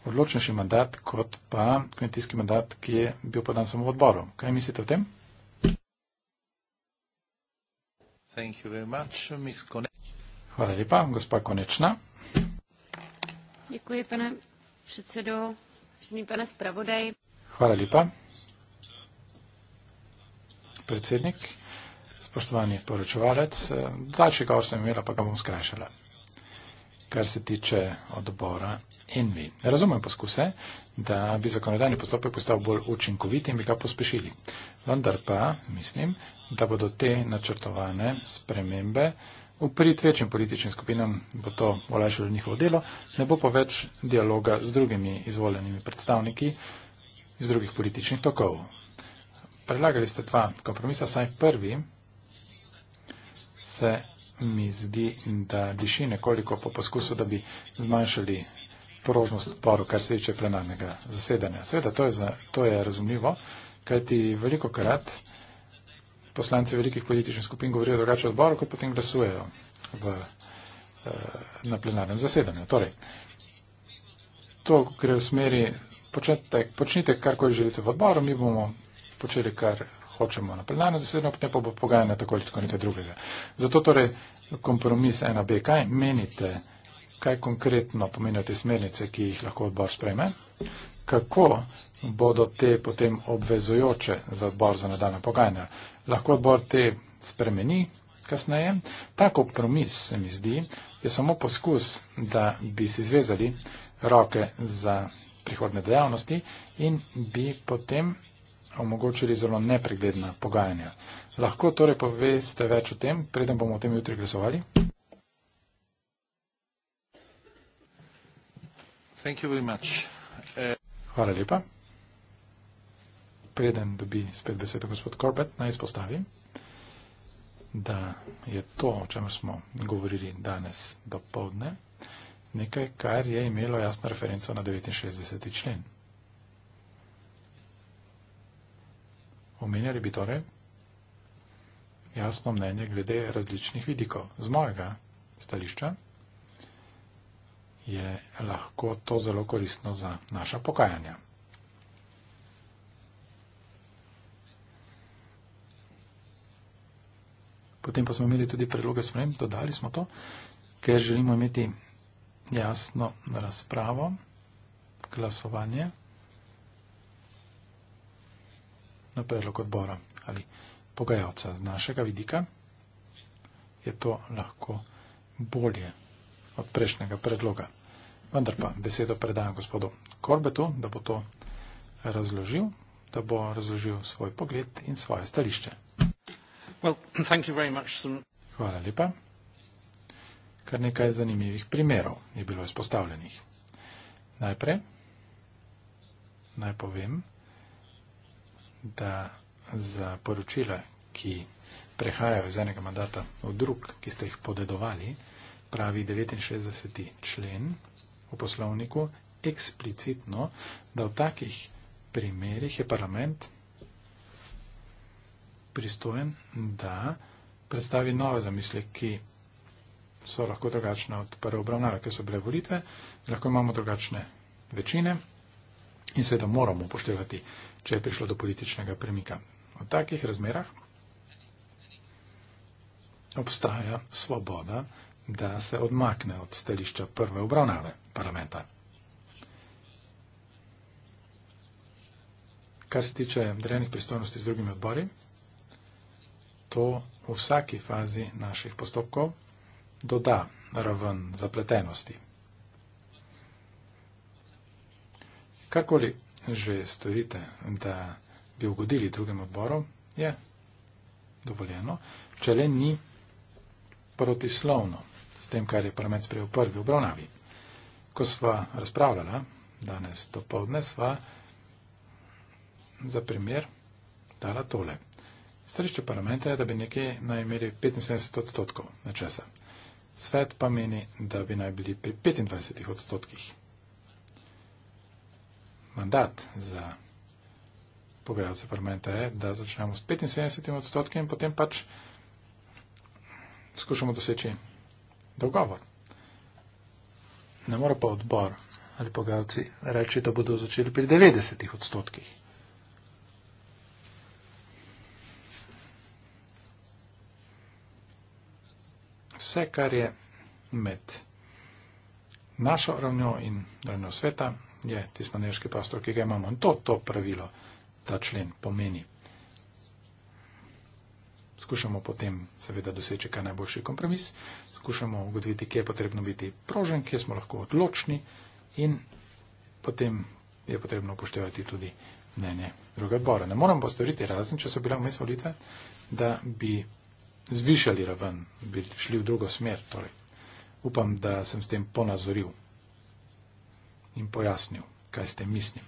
odločnejši mandat kot pa kmetijski mandat, ki je bil podan samo v odboru. Kaj mislite o tem? Hvala lepa, gospa Konečna. Děkuji, pane předsedo, všichni pane spravodaj. Hvala lepa. Predsednik, spoštovani poročevalec, eh, daljši govor sem imela, pa ga bom skrajšala. Kar se tiče odbora ENVI. Razumem poskuse, da bi zakonodajni postopek postal bolj učinkovit in bi ga pospešili vendar pa mislim, da bodo te načrtovane spremembe v prid večjim političnim skupinam, bo to olajšalo njihovo delo, ne bo pa več dialoga z drugimi izvoljenimi predstavniki iz drugih političnih tokov. Predlagali ste dva kompromisa, saj prvi se mi zdi, da diši nekoliko po poskusu, da bi zmanjšali porožnost poru, kar se tiče plenarnega zasedanja. Sveda, to je, to je razumljivo kajti veliko krat poslanci velikih političnih skupin govorijo drugače od odboru, ko potem glasujejo v, eh, na plenarnem zasedanju. Torej, to gre v smeri, počnite, počnite kar koli želite v odboru, mi bomo počeli kar hočemo na plenarnem zasedanju, potem pa bo pogajanje tako ali tako nekaj drugega. Zato torej kompromis 1B, kaj menite, kaj konkretno pomenijo te smernice, ki jih lahko odbor sprejme, kako bodo te potem obvezujoče za odbor za nadaljna pogajanja. Lahko odbor te spremeni kasneje. Ta kompromis, se mi zdi, je samo poskus, da bi si zvezali roke za prihodne dejavnosti in bi potem omogočili zelo nepregledna pogajanja. Lahko torej poveste več o tem, preden bomo o tem jutri glasovali? Hvala lepa preden dobi spet besedo gospod Korbet, naj izpostavim, da je to, o čem smo govorili danes do povdne, nekaj, kar je imelo jasno referenco na 69. člen. Omenjali bi torej jasno mnenje glede različnih vidikov. Z mojega stališča je lahko to zelo koristno za naša pokajanja. Potem pa smo imeli tudi predloge sprem, dodali smo to, ker želimo imeti jasno razpravo, glasovanje na predlog odbora ali pogajalca z našega vidika. Je to lahko bolje od prejšnjega predloga. Vendar pa besedo predajam gospodu Korbetu, da bo to razložil, da bo razložil svoj pogled in svoje stališče. Well, [clears throat] thank you very much. Hvala lepa. Kar nekaj zanimivih primerov je bilo izpostavljenih. Najprej naj povem, da za poročila, ki prehajajo iz enega mandata v drug, ki ste jih podedovali, pravi 69. člen v poslovniku eksplicitno, da v takih primerih je parlament pristojen, da predstavi nove zamisle, ki so lahko drugačne od prve obravnave, ki so bile volitve, lahko imamo drugačne večine in seveda moramo upoštevati, če je prišlo do političnega premika. V takih razmerah obstaja svoboda, da se odmakne od stališča prve obravnave parlamenta. Kar se tiče drenih pristojnosti z drugimi odbori, to v vsaki fazi naših postopkov doda raven zapletenosti. Karkoli že storite, da bi ugodili drugim odborom, je dovoljeno, če le ni protislovno s tem, kar je parlament sprejel v prvi obravnavi. Ko sva razpravljala danes do povdne, sva za primer dala tole. Stališče parlamenta je, da bi nekje naj imeli 75 odstotkov na česa. Svet pa meni, da bi naj bili pri 25 odstotkih. Mandat za pogajalce parlamenta je, da začnemo s 75 odstotki in potem pač skušamo doseči dogovor. Ne more pa odbor ali pogajalci reči, da bodo začeli pri 90 odstotkih. vse, kar je med našo ravnjo in ravnjo sveta, je tisti manjerski prostor, ki ga imamo. In to, to pravilo, ta člen pomeni. Skušamo potem seveda doseči, kaj je najboljši kompromis, skušamo ugotoviti, kje je potrebno biti prožen, kje smo lahko odločni in potem je potrebno upoštevati tudi mnenje druge odbora. Ne moram pa storiti razen, če so bile vmes volitve, da bi zvišali raven, bi šli v drugo smer. Torej. Upam, da sem s tem ponazoril in pojasnil, kaj ste mislim.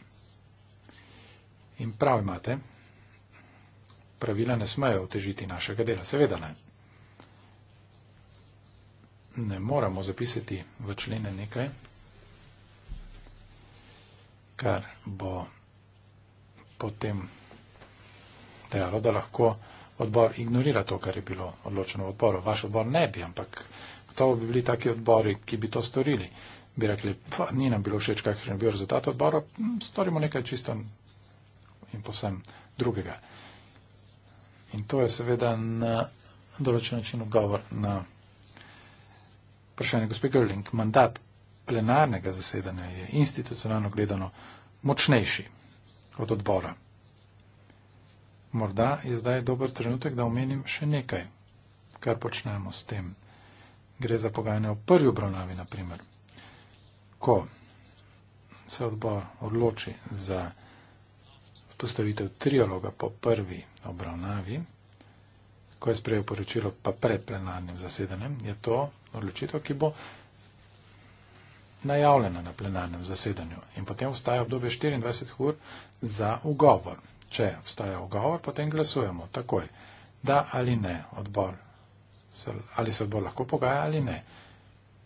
In prav imate, pravila ne smejo otežiti našega dela, seveda ne. Ne moramo zapisati v člene nekaj, kar bo potem dejalo, da lahko odbor ignorira to, kar je bilo odločeno v odboru. Vaš odbor ne bi, ampak kdo bi bili taki odbori, ki bi to storili? Bi rekli, pa ni nam bilo všeč, kakšen je bil rezultat odbora, storimo nekaj čisto in posem drugega. In to je seveda na določen način odgovor na vprašanje gospe Gerling. Mandat plenarnega zasedanja je institucionalno gledano močnejši od odbora. Morda je zdaj dober trenutek, da omenim še nekaj, kar počnemo s tem. Gre za pogajanje v prvi obravnavi, naprimer. Ko se odbor odloči za postavitev trialoga po prvi obravnavi, ko je sprejel poročilo pa pred plenarnim zasedanjem, je to odločitev, ki bo najavljena na plenarnem zasedanju. In potem vstaje obdobje 24 ur za ugovor. Če obstaja ogovor, potem glasujemo takoj. Da ali ne, odbor. Ali se odbor lahko pogaja ali ne.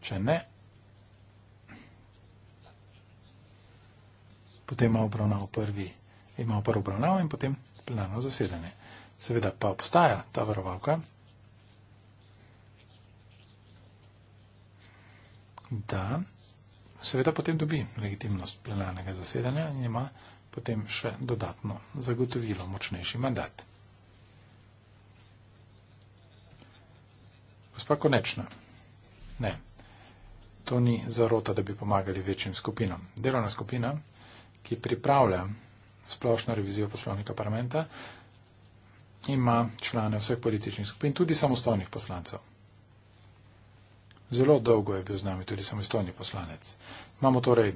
Če ne, potem ima obravnavo prvi, ima prvo obravnavo in potem plenarno zasedanje. Seveda pa obstaja ta varovalka, da seveda potem dobi legitimnost plenarnega zasedanja in ima potem še dodatno zagotovilo močnejši mandat. Gospa Konečna. Ne. To ni zarota, da bi pomagali večjim skupinam. Delovna skupina, ki pripravlja splošno revizijo poslovnika parlamenta, ima člane vseh političnih skupin, tudi samostojnih poslancev. Zelo dolgo je bil z nami tudi samostojni poslanec. Imamo torej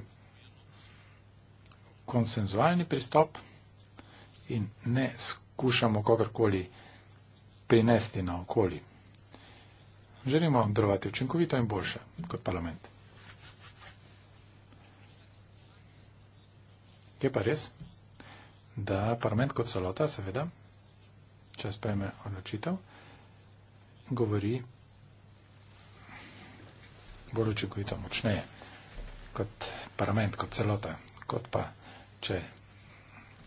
konsenzualni pristop in ne skušamo kogarkoli prinesti na okoli. Želimo delovati učinkovito in boljše kot parlament. Je pa res, da parlament kot celota, seveda, če spreme odločitev, govori bolj učinkovito, močneje kot parlament kot celota, kot pa če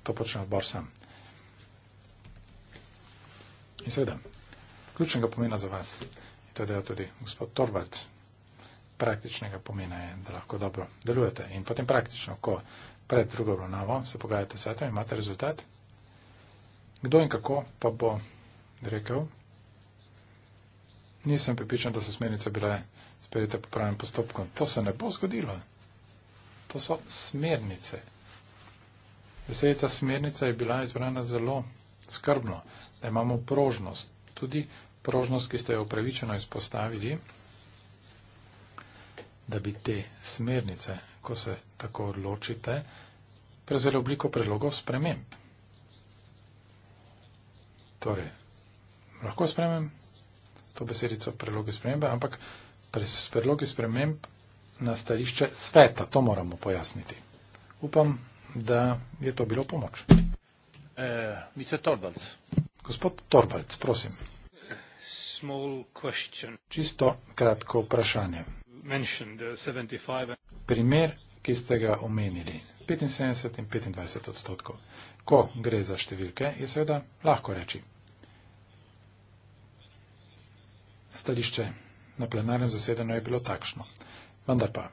to počne odbor sam. In seveda, ključnega pomena za vas je to, da je tudi gospod Torvalds praktičnega pomena je, da lahko dobro delujete. In potem praktično, ko pred drugo obravnavo se pogajate s svetom, imate rezultat, kdo in kako pa bo rekel, nisem pripričan, da so smernice bile sprejete po pravem postopku. To se ne bo zgodilo. To so smernice. Deseta smernica je bila izbrana zelo skrbno, da imamo prožnost, tudi prožnost, ki ste jo upravičeno izpostavili, da bi te smernice, ko se tako odločite, prezeli obliko predlogov sprememb. Torej, lahko spremem to besedico predloge spremembe, ampak predlogi sprememb na stališče sveta, to moramo pojasniti. Upam, da je to bilo pomoč. E, eh, Mr. Torvalds. Gospod Torvalds, prosim. Small question. Čisto kratko vprašanje. Primer, ki ste ga omenili, 75 in 25 odstotkov. Ko gre za številke, je seveda lahko reči. Stališče na plenarnem zasedanju je bilo takšno. Vendar pa,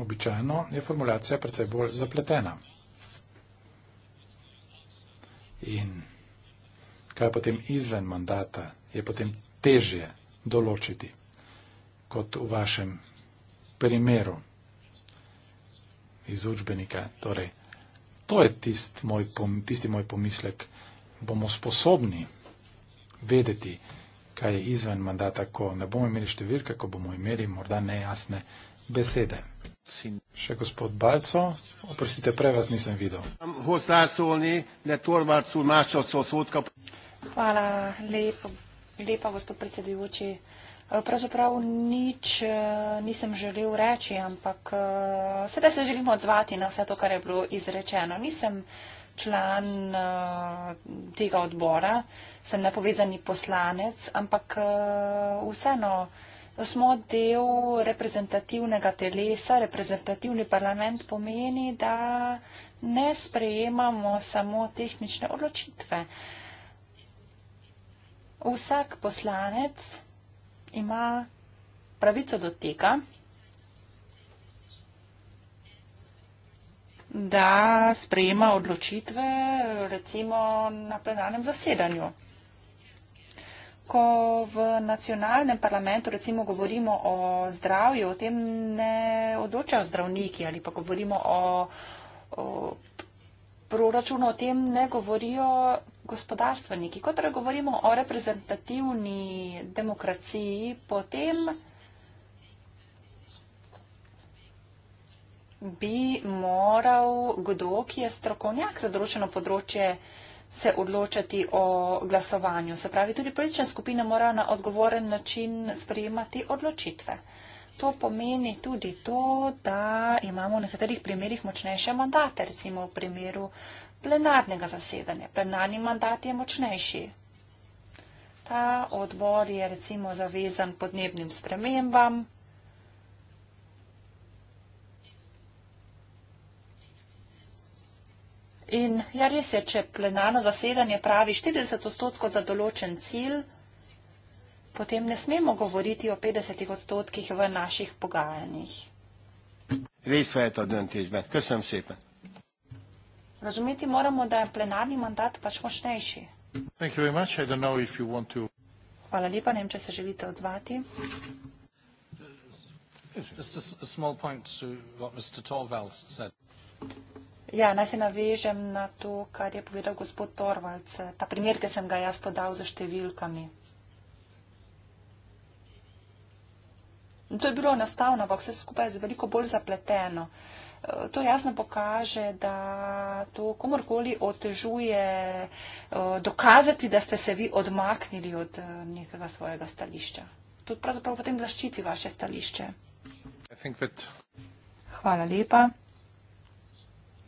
Običajno je formulacija precej bolj zapletena. In kaj je potem izven mandata, je potem težje določiti, kot v vašem primeru iz učbenika. Torej, to je tist moj, tisti moj pomislek. Bomo sposobni vedeti, kaj je izven mandata, ko ne bomo imeli številke, ko bomo imeli morda nejasne besede sin. Še gospod Balco, oprostite, prej vas nisem videl. Hvala lepo, lepo gospod predsedujoči. Eh, pravzaprav nič eh, nisem želel reči, ampak eh, sedaj se želim odzvati na vse to, kar je bilo izrečeno. Nisem član tega odbora, sem napovezani poslanec, ampak vseeno smo del reprezentativnega telesa, reprezentativni parlament pomeni, da ne sprejemamo samo tehnične odločitve. Vsak poslanec ima pravico do tega, da sprejema odločitve recimo na plenarnem zasedanju ko v nacionalnem parlamentu recimo govorimo o zdravju, o tem ne odločajo zdravniki ali pa govorimo o, o proračunu, o tem ne govorijo gospodarstveniki. Ko torej govorimo o reprezentativni demokraciji, potem bi moral kdo, ki je strokovnjak za določeno področje, se odločati o glasovanju. Se pravi, tudi politična skupina mora na odgovoren način sprejemati odločitve. To pomeni tudi to, da imamo v nekaterih primerjih močnejše mandate, recimo v primeru plenarnega zasedanja. Plenarni mandat je močnejši. Ta odbor je recimo zavezan podnebnim spremembam. In ja, res je, če plenarno zasedanje pravi 40 odstotkov za določen cilj, potem ne smemo govoriti o 50 odstotkih v naših pogajanjih. Res je to dnevnotežbe. Kresem sepe. Razumeti moramo, da je plenarni mandat pač močnejši. Hvala lepa, ne vem, če se želite odzvati. Just a small point to what Mr. Torvalds said. Ja, naj se navežem na to, kar je povedal gospod Torvalc, ta primer, ki sem ga jaz podal za številkami. To je bilo enostavno, ampak vse skupaj je veliko bolj zapleteno. To jasno pokaže, da to komorkoli otežuje eh, dokazati, da ste se vi odmaknili od eh, nekega svojega stališča. To pravzaprav potem zaščiti vaše stališče. Hvala lepa.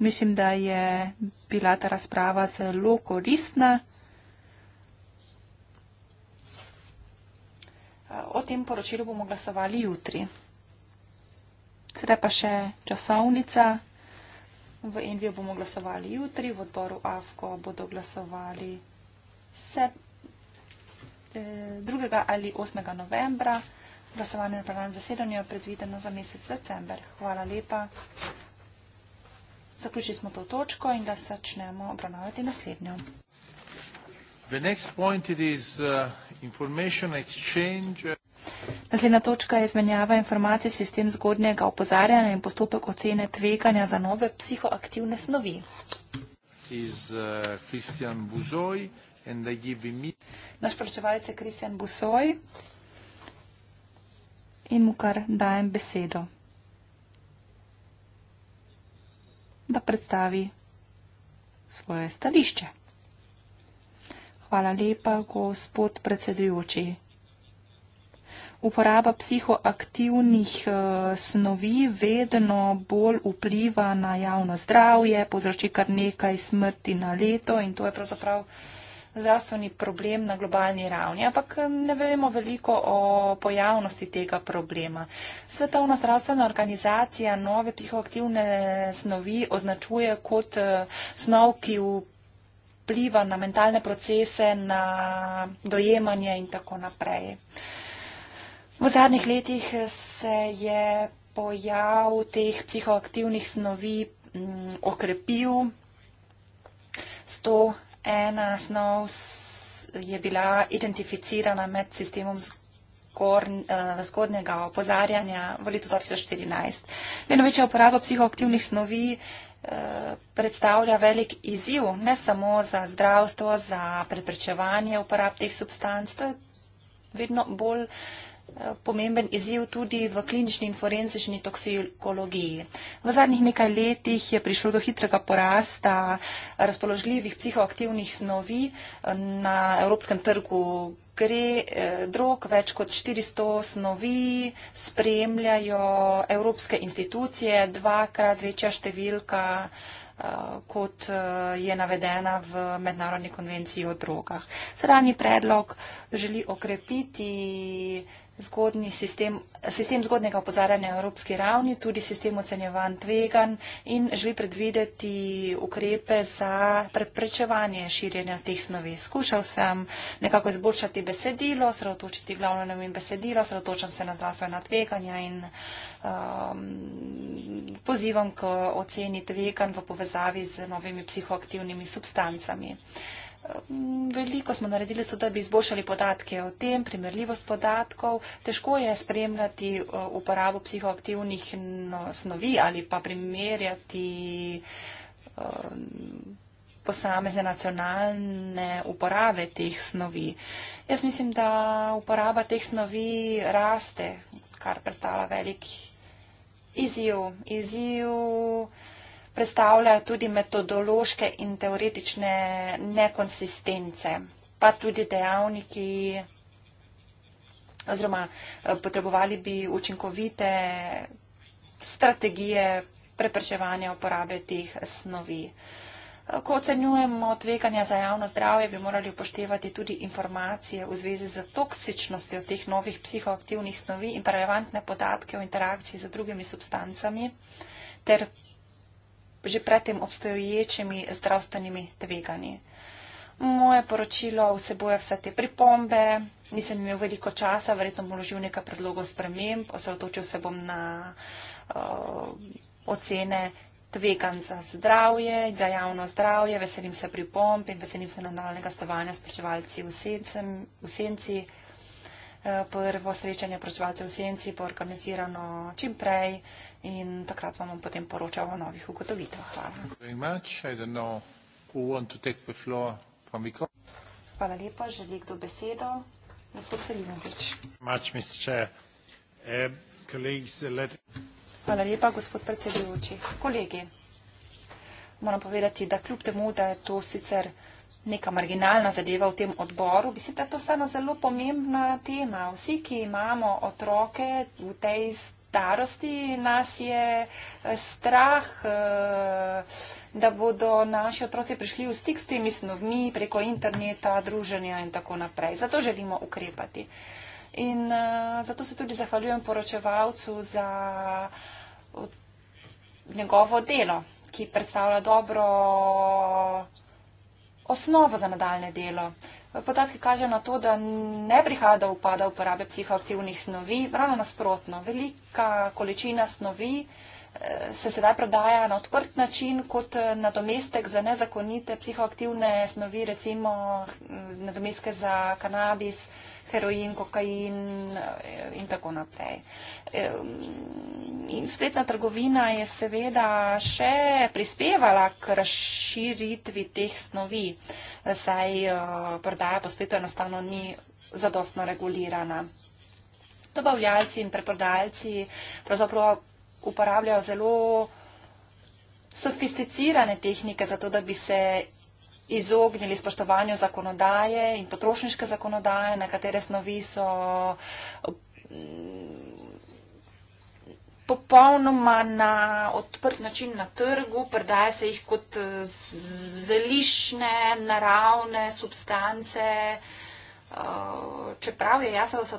Mislim, da je bila ta razprava zelo koristna. O tem poročilu bomo glasovali jutri. Sedaj pa še časovnica. V Envijo bomo glasovali jutri, v odboru AFKO bodo glasovali 2. Eh, ali 8. novembra. Glasovanje na plenarnem zasedanju je predvideno za mesec december. Hvala lepa. Zaključili smo to točko in da začnemo obravnavati naslednjo. The next point it is, uh, Naslednja točka je izmenjava informacij sistem zgodnjega opozarjanja in postopek ocene tveganja za nove psihoaktivne snovi. Is, uh, Naš poročevalec je Kristjan Busoj in mu kar dajem besedo. da predstavi svoje stališče. Hvala lepa, gospod predsedujoči. Uporaba psihoaktivnih eh, snovi vedno bolj vpliva na javno zdravje, povzroči kar nekaj smrti na leto in to je pravzaprav zdravstveni problem na globalni ravni, ampak eh, ne vemo veliko o pojavnosti tega problema. Svetovna zdravstvena organizacija nove psihoaktivne snovi označuje kot eh, snov, ki v vpliva na mentalne procese, na dojemanje in tako naprej. V zadnjih letih eh, se je pojav teh psihoaktivnih snovi mm, okrepil. 100 ena snov je bila identificirana med sistemom eh, zgodnega opozarjanja v letu 2014. Vedno večja uporaba psihoaktivnih snovi eh, predstavlja velik izziv, ne samo za zdravstvo, za preprečevanje uporab teh substanc. To je vedno bolj uh, pomemben izziv tudi v klinični in forenzični toksikologiji. V zadnjih nekaj letih je prišlo do hitrega porasta razpoložljivih psihoaktivnih snovi eh, na evropskem trgu. Gre eh, drog, več kot 400 snovi spremljajo evropske institucije, dvakrat večja številka eh, kot je navedena v Mednarodni konvenciji o drogah. Sedanji predlog želi okrepiti zgodni sistem, sistem zgodnega opozarjanja na evropski ravni, tudi sistem ocenjevanj tvegan in želi predvideti ukrepe za preprečevanje širjenja teh snovi. Skušal sem nekako izboljšati besedilo, sredotočiti glavno namen besedila, sredotočam se na zdravstvena tveganja in um, pozivam k oceni tvegan v povezavi z novimi psihoaktivnimi substancami. Uh, Veliko smo naredili, so, da bi izboljšali podatke o tem, primerljivost podatkov. Težko je spremljati uh, uporabo psihoaktivnih no, snovi ali pa primerjati um, posamezne nacionalne uporabe teh snovi. Jaz mislim, da uporaba teh snovi raste, kar predstavlja velik izziv. izziv predstavljajo tudi metodološke in teoretične nekonsistence, pa tudi dejavniki oziroma eh, potrebovali bi učinkovite strategije preprečevanja uporabe teh snovi. Eh, ko ocenjujemo tveganja za javno zdravje, bi morali upoštevati tudi informacije v zvezi z toksičnostjo teh novih psihoaktivnih snovi in relevantne podatke o interakciji z drugimi substancami ter že predtem obstoječimi zdravstvenimi tveganji. Moje poročilo vsebuje vse te pripombe, nisem imel veliko časa, verjetno bom vložil nekaj predlogov sprememb, osredotočil se bom na uh, ocene tvegan za zdravje, za javno zdravje, veselim se pripomb in veselim se nadaljnega stavanja s prečevalci v senci. V senci prvo srečanje prosilcev v senci bo organizirano čim prej in takrat vam bom potem poročal o novih ugotovitvah. Hvala. Hvala lepa. Želi kdo besedo? Gospod Selimovič. Eh, eh, Hvala lepa, gospod predsedujoči. Kolegi, moram povedati, da kljub temu, da je to sicer neka marginalna zadeva v tem odboru. Mislim, da to stano zelo pomembna tema. Vsi, ki imamo otroke v tej starosti, nas je eh, strah, eh, da bodo naši otroci prišli v stik s temi snovmi preko interneta, druženja in tako naprej. Zato želimo ukrepati. In eh, zato se tudi zahvaljujem poročevalcu za njegovo delo, ki predstavlja dobro osnova za nadaljne delo. Podatki kažejo na to, da ne prihaja do upada uporabe psihoaktivnih snovi, ravno nasprotno. Velika količina snovi eh, se sedaj prodaja na odprt način kot eh, nadomestek za nezakonite psihoaktivne snovi, recimo hm, nadomestke za kanabis, heroin, kokain eh, in tako naprej. Eh, in spletna trgovina je seveda še prispevala k razširitvi teh snovi, eh, saj prodaja po spletu enostavno ni zadostno regulirana. Dobavljalci in preprodajalci pravzaprav uporabljajo zelo sofisticirane tehnike za to, da bi se izognili spoštovanju zakonodaje in potrošniške zakonodaje, na katere snovi so mm, popolnoma na odprt način na trgu, predaje se jih kot eh, zelišne, naravne substance, eh, čeprav je jasno, da so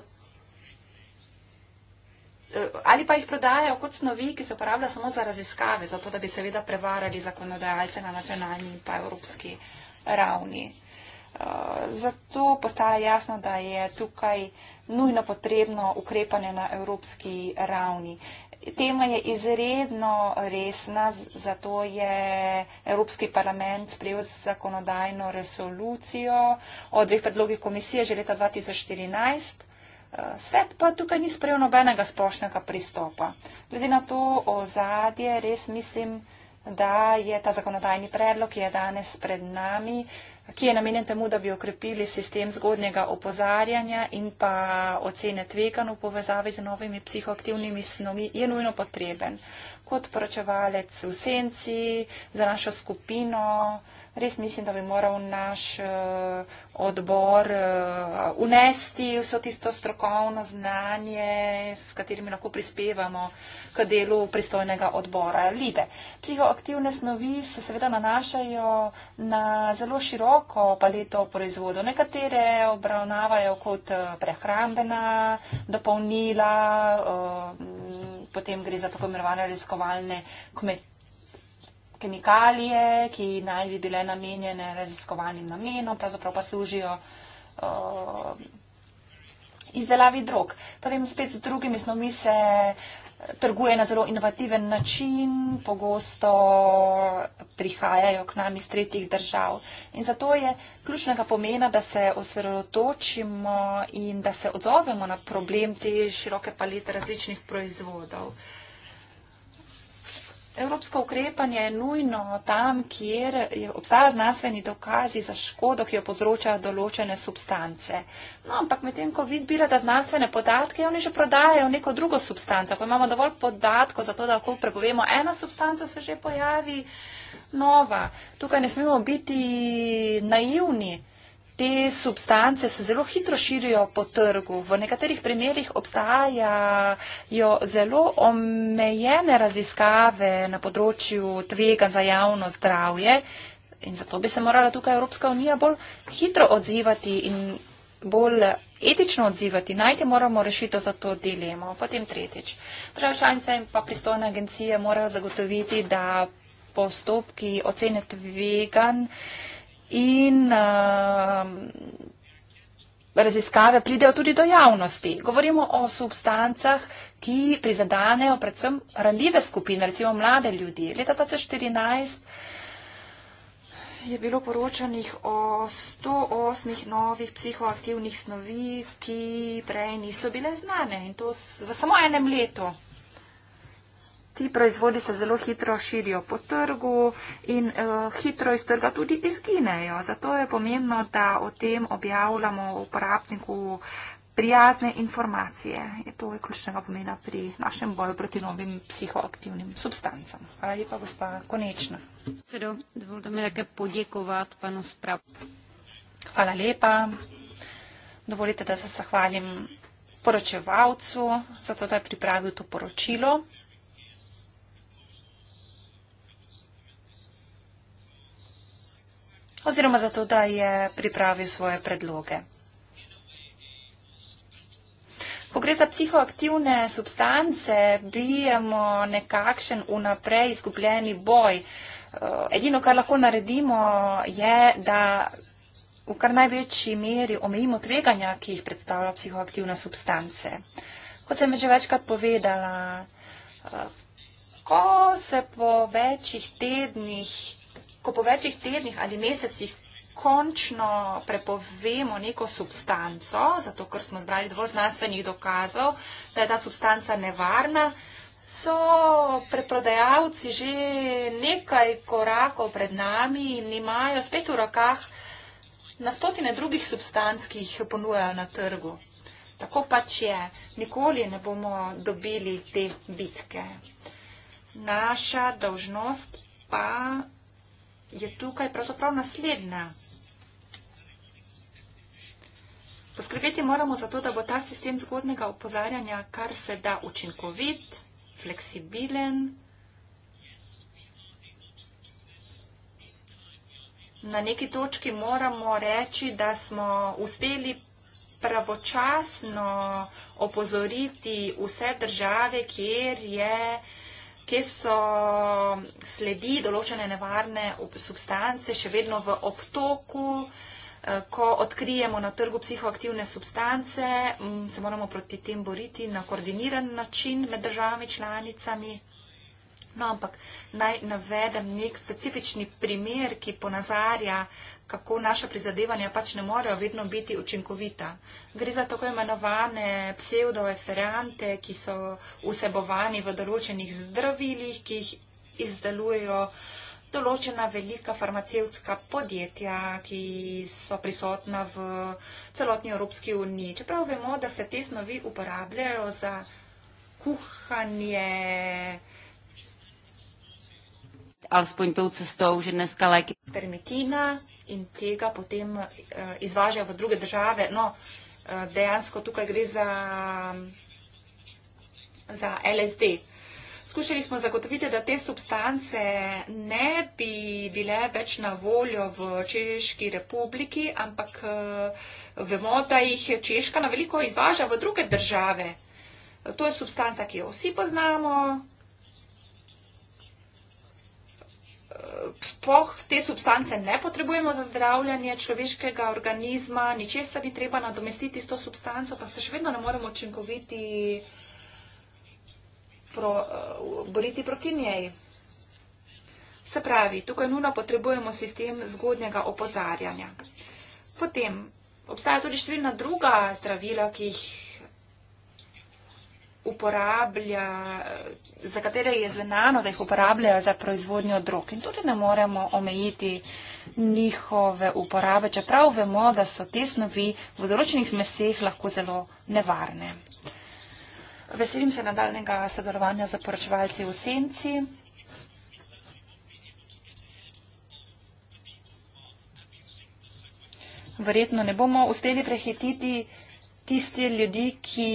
Eh, ali pa jih prodajajo kot snovi, ki se uporablja samo za raziskave, zato da bi seveda prevarali zakonodajalce na nacionalni in pa evropski ravni. Eh, zato postaja jasno, da je tukaj nujno potrebno ukrepanje na evropski ravni. Tema je izredno resna, zato je Evropski parlament sprejel zakonodajno resolucijo o dveh predlogih komisije že leta 2014. Svet pa tukaj ni sprejel nobenega splošnega pristopa. Glede na to ozadje, res mislim, da je ta zakonodajni predlog, ki je danes pred nami, ki je namenjen temu, da bi okrepili sistem zgodnjega opozarjanja in pa ocene tvekan v povezavi z novimi psihoaktivnimi snovmi, je nujno potreben. Kot poročevalec v senci, za našo skupino, uh, res mislim, da bi moral naš uh, odbor uh, unesti vso tisto strokovno znanje, s katerimi lahko prispevamo k delu pristojnega odbora Libe. Psihoaktivne snovi se seveda nanašajo na zelo široko paleto proizvodov. Nekatere obravnavajo kot eh, prehrambena dopolnila, uh, potem gre za tako imenovane raziskovalne kmetije kemikalije, ki naj bi bile namenjene raziskovanim namenom, pravzaprav pa služijo uh, izdelavi drog. Potem spet z drugimi snovmi se eh, trguje na zelo inovativen način, pogosto eh, prihajajo k nam iz tretjih držav. In zato je ključnega pomena, da se osredotočimo in da se odzovemo na problem te široke palete različnih proizvodov. Uh, Evropsko ukrepanje je nujno tam, kjer obstajajo znanstveni dokazi za škodo, ki jo povzročajo določene substance. No, ampak medtem, ko vi zbirate znanstvene podatke, oni že prodajajo neko drugo substanco. Ko imamo dovolj podatkov za to, da lahko prepovemo eno substanco, se že pojavi nova. Tukaj ne smemo biti naivni te substance se zelo hitro širijo po trgu. V nekaterih primerjih obstajajo zelo omejene raziskave na področju tvega za javno zdravje in zato bi se morala tukaj Evropska unija bolj hitro odzivati in bolj etično odzivati. Najti moramo rešitev za to dilemo. Potem tretjič. Država članica in pa pristojne agencije morajo zagotoviti, da postopki ocene tveganj in uh, raziskave pridejo tudi do javnosti. Govorimo o substancah, ki prizadanejo predvsem ranljive skupine, recimo mlade ljudi. Leta 2014 je bilo poročanih o 108 novih psihoaktivnih snovi, ki prej niso bile znane in to v samo enem letu ti proizvodi se zelo hitro širijo po trgu in uh, hitro iz trga tudi izginejo. Zato je pomembno, da o tem objavljamo uporabniku prijazne informacije. Je to je ključnega pomena pri našem boju proti novim psihoaktivnim substancam. Hvala lepa, gospa Konečna. Hvala lepa. Dovolite, da se zahvalim poročevalcu za to, da je pripravil to poročilo. oziroma zato, da je pripravil svoje predloge. Ko gre za psihoaktivne substance, bijemo nekakšen unaprej izgubljeni boj. Eh, edino, kar lahko naredimo, je, da v kar največji meri omejimo tveganja, ki jih predstavlja psihoaktivna substance. Kot sem že večkrat povedala, eh, ko se po večjih tednih ko po večjih tednih ali mesecih končno prepovemo neko substanco, zato ker smo zbrali dovolj znanstvenih dokazov, da je ta substanca nevarna, so preprodajalci že nekaj korakov pred nami in imajo spet v rokah na stotine drugih substanc, ki jih ponujajo na trgu. Tako pač je, nikoli ne bomo dobili te bitke. Naša dolžnost pa je tukaj pravzaprav naslednja. Poskrbeti moramo za to, da bo ta sistem zgodnega opozarjanja kar se da učinkovit, fleksibilen, Na neki točki moramo reči, da smo uspeli pravočasno opozoriti vse države, kjer je uh, ki so sledi določene nevarne substance še vedno v obtoku. Eh, ko odkrijemo na trgu psihoaktivne substance, se moramo proti tem boriti na koordiniran način med državami članicami. No, ampak naj navedem nek specifični primer, ki ponazarja uh, kako naša prizadevanja pač ne morejo vedno biti učinkovita. Gre za tako imenovane pseudoeferante, ki so vsebovani v določenih zdravilih, ki jih izdelujejo določena velika farmacevtska podjetja, ki so prisotna v celotni Evropski uniji. Čeprav vemo, da se te snovi uporabljajo za kuhanje. Alespoň tou cestou, že dneska léky. Permitína, in tega potem eh, izvažajo v druge države. No, eh, dejansko tukaj gre za, za LSD. Skušali smo zagotoviti, da te substance ne bi bile več na voljo v Češki republiki, ampak eh, vemo, da jih Češka na veliko izvaža v druge države. To je substanca, ki jo vsi poznamo, spoh te substance ne potrebujemo za zdravljanje človeškega organizma, ničesar ni treba nadomestiti s to substanco, pa se še vedno ne moremo učinkoviti pro, eh, boriti proti njej. Se pravi, tukaj nujno potrebujemo sistem zgodnjega opozarjanja. Potem obstaja tudi številna druga zdravila, ki jih uporablja, za katere je znano, da jih uporabljajo za proizvodnjo drog. In tudi ne moremo omejiti njihove uporabe, čeprav vemo, da so te snovi v določenih smeseh lahko zelo nevarne. Veselim se nadaljnega sodelovanja za poročevalci v senci. Verjetno ne bomo uspeli prehititi tisti ljudi, ki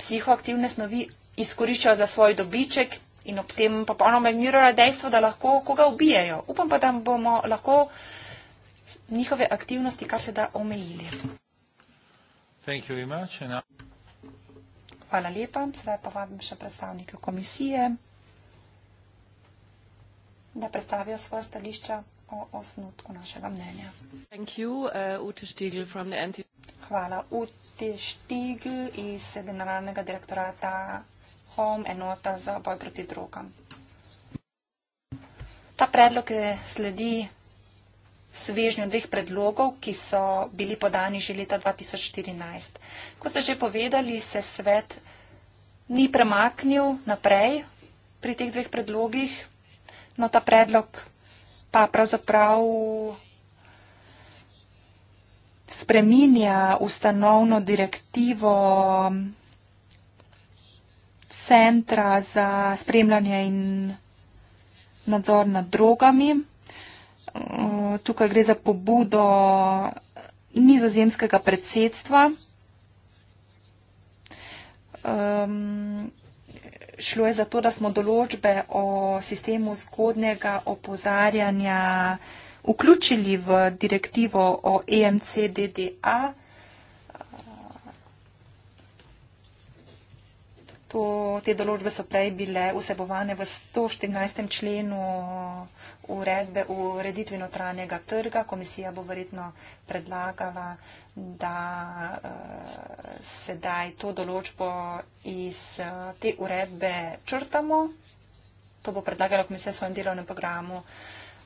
psihoaktivne snovi izkoriščajo za svoj dobiček in ob tem pa ponome ignorirajo dejstvo, da lahko koga ubijajo. Upam pa, da bomo lahko njihove aktivnosti kar se da omejili. Hvala lepa. Sedaj pa vabim še predstavnike komisije, da predstavijo svoje stališča o osnutku našega mnenja. Thank you, uh, Ute Štigl from the anti- Hvala. Ute Štigl iz generalnega direktorata Home enota za boj proti drogam. Ta predlog je eh, sledi svežnju dveh predlogov, ki so bili podani že leta 2014. Ko ste že povedali, se svet ni premaknil naprej pri teh dveh predlogih, no ta predlog pa pravzaprav spreminja ustanovno direktivo Centra za spremljanje in nadzor nad drogami. Tukaj gre za pobudo nizozemskega predsedstva. Um, šlo je za to, da smo določbe o sistemu zgodnega opozarjanja vključili v direktivo o EMCDDA. to, te določbe so prej bile vsebovane v 114. členu uredbe o ureditvi notranjega trga. Komisija bo verjetno predlagala, da uh, sedaj to določbo iz uh, te uredbe črtamo. To bo predlagala komisija v svojem delovnem programu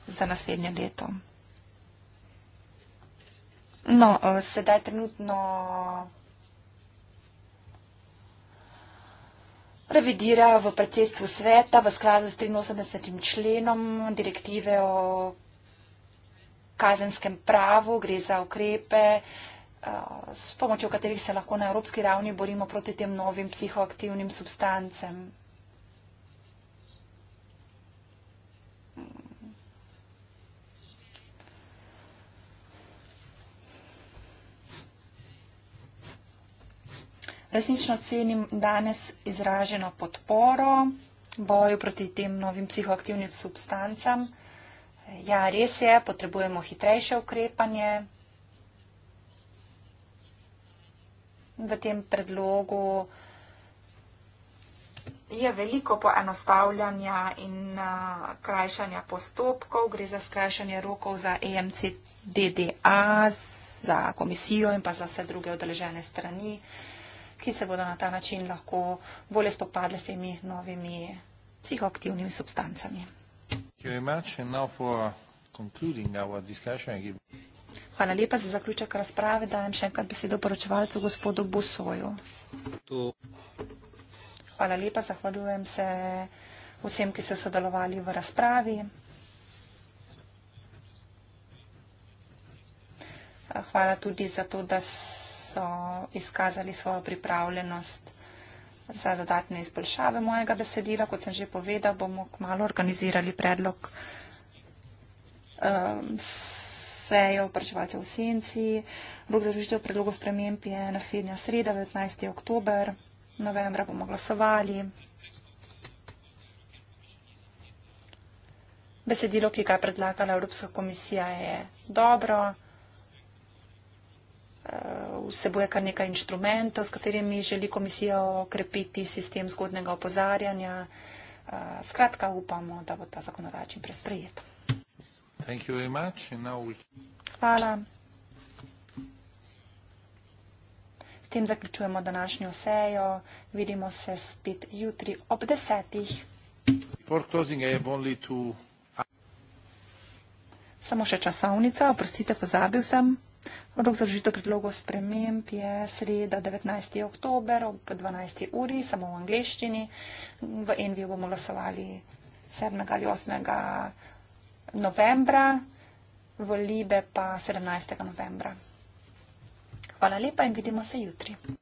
za naslednje leto. No, uh, sedaj trenutno. revidira v predsedstvu sveta v skladu s 83. členom direktive o kazenskem pravu, gre za ukrepe, s pomočjo katerih se lahko na evropski ravni borimo proti tem novim psihoaktivnim substancem. Resnično cenim danes izraženo podporo boju proti tem novim psihoaktivnim substancam. Ja, res je, potrebujemo hitrejše ukrepanje. Za tem predlogu je veliko poenostavljanja in krajšanja postopkov. Gre za skrajšanje rokov za EMC DDA, za komisijo in pa za vse druge odležene strani ki se bodo na ta način lahko bolje spopadle s temi novimi psihoaktivnimi substancami. Hvala lepa za zaključek razprave. Dajem še enkrat besedo poročevalcu gospodu Bosoju. Hvala lepa, zahvaljujem se vsem, ki ste sodelovali v razpravi. Hvala tudi za to, da ste so izkazali svojo pripravljenost za dodatne izboljšave mojega besedila. Kot sem že povedal, bomo kmalo organizirali predlog um, sejo vprašavcev v senci. Rok za žužitev predlogov sprememb je naslednja sreda, 19. oktober. Novembra bomo glasovali. Besedilo, ki ga je predlagala Evropska komisija, je dobro. Eh, vsebuje kar nekaj inštrumentov, s katerimi želi komisija okrepiti sistem zgodnega opozarjanja. Eh, skratka, upamo, da bo ta zakonodaj čim prej sprejet. Hvala. S tem zaključujemo današnjo sejo. Vidimo se spet jutri ob desetih. Samo še časovnica, oprostite, pozabil sem. Od obzoržitev predlogov sprememb je sreda 19. oktober ob 12. uri, samo v angliščini. V Envijo bomo glasovali 7. ali 8. novembra, v Libe pa 17. novembra. Hvala lepa in vidimo se jutri.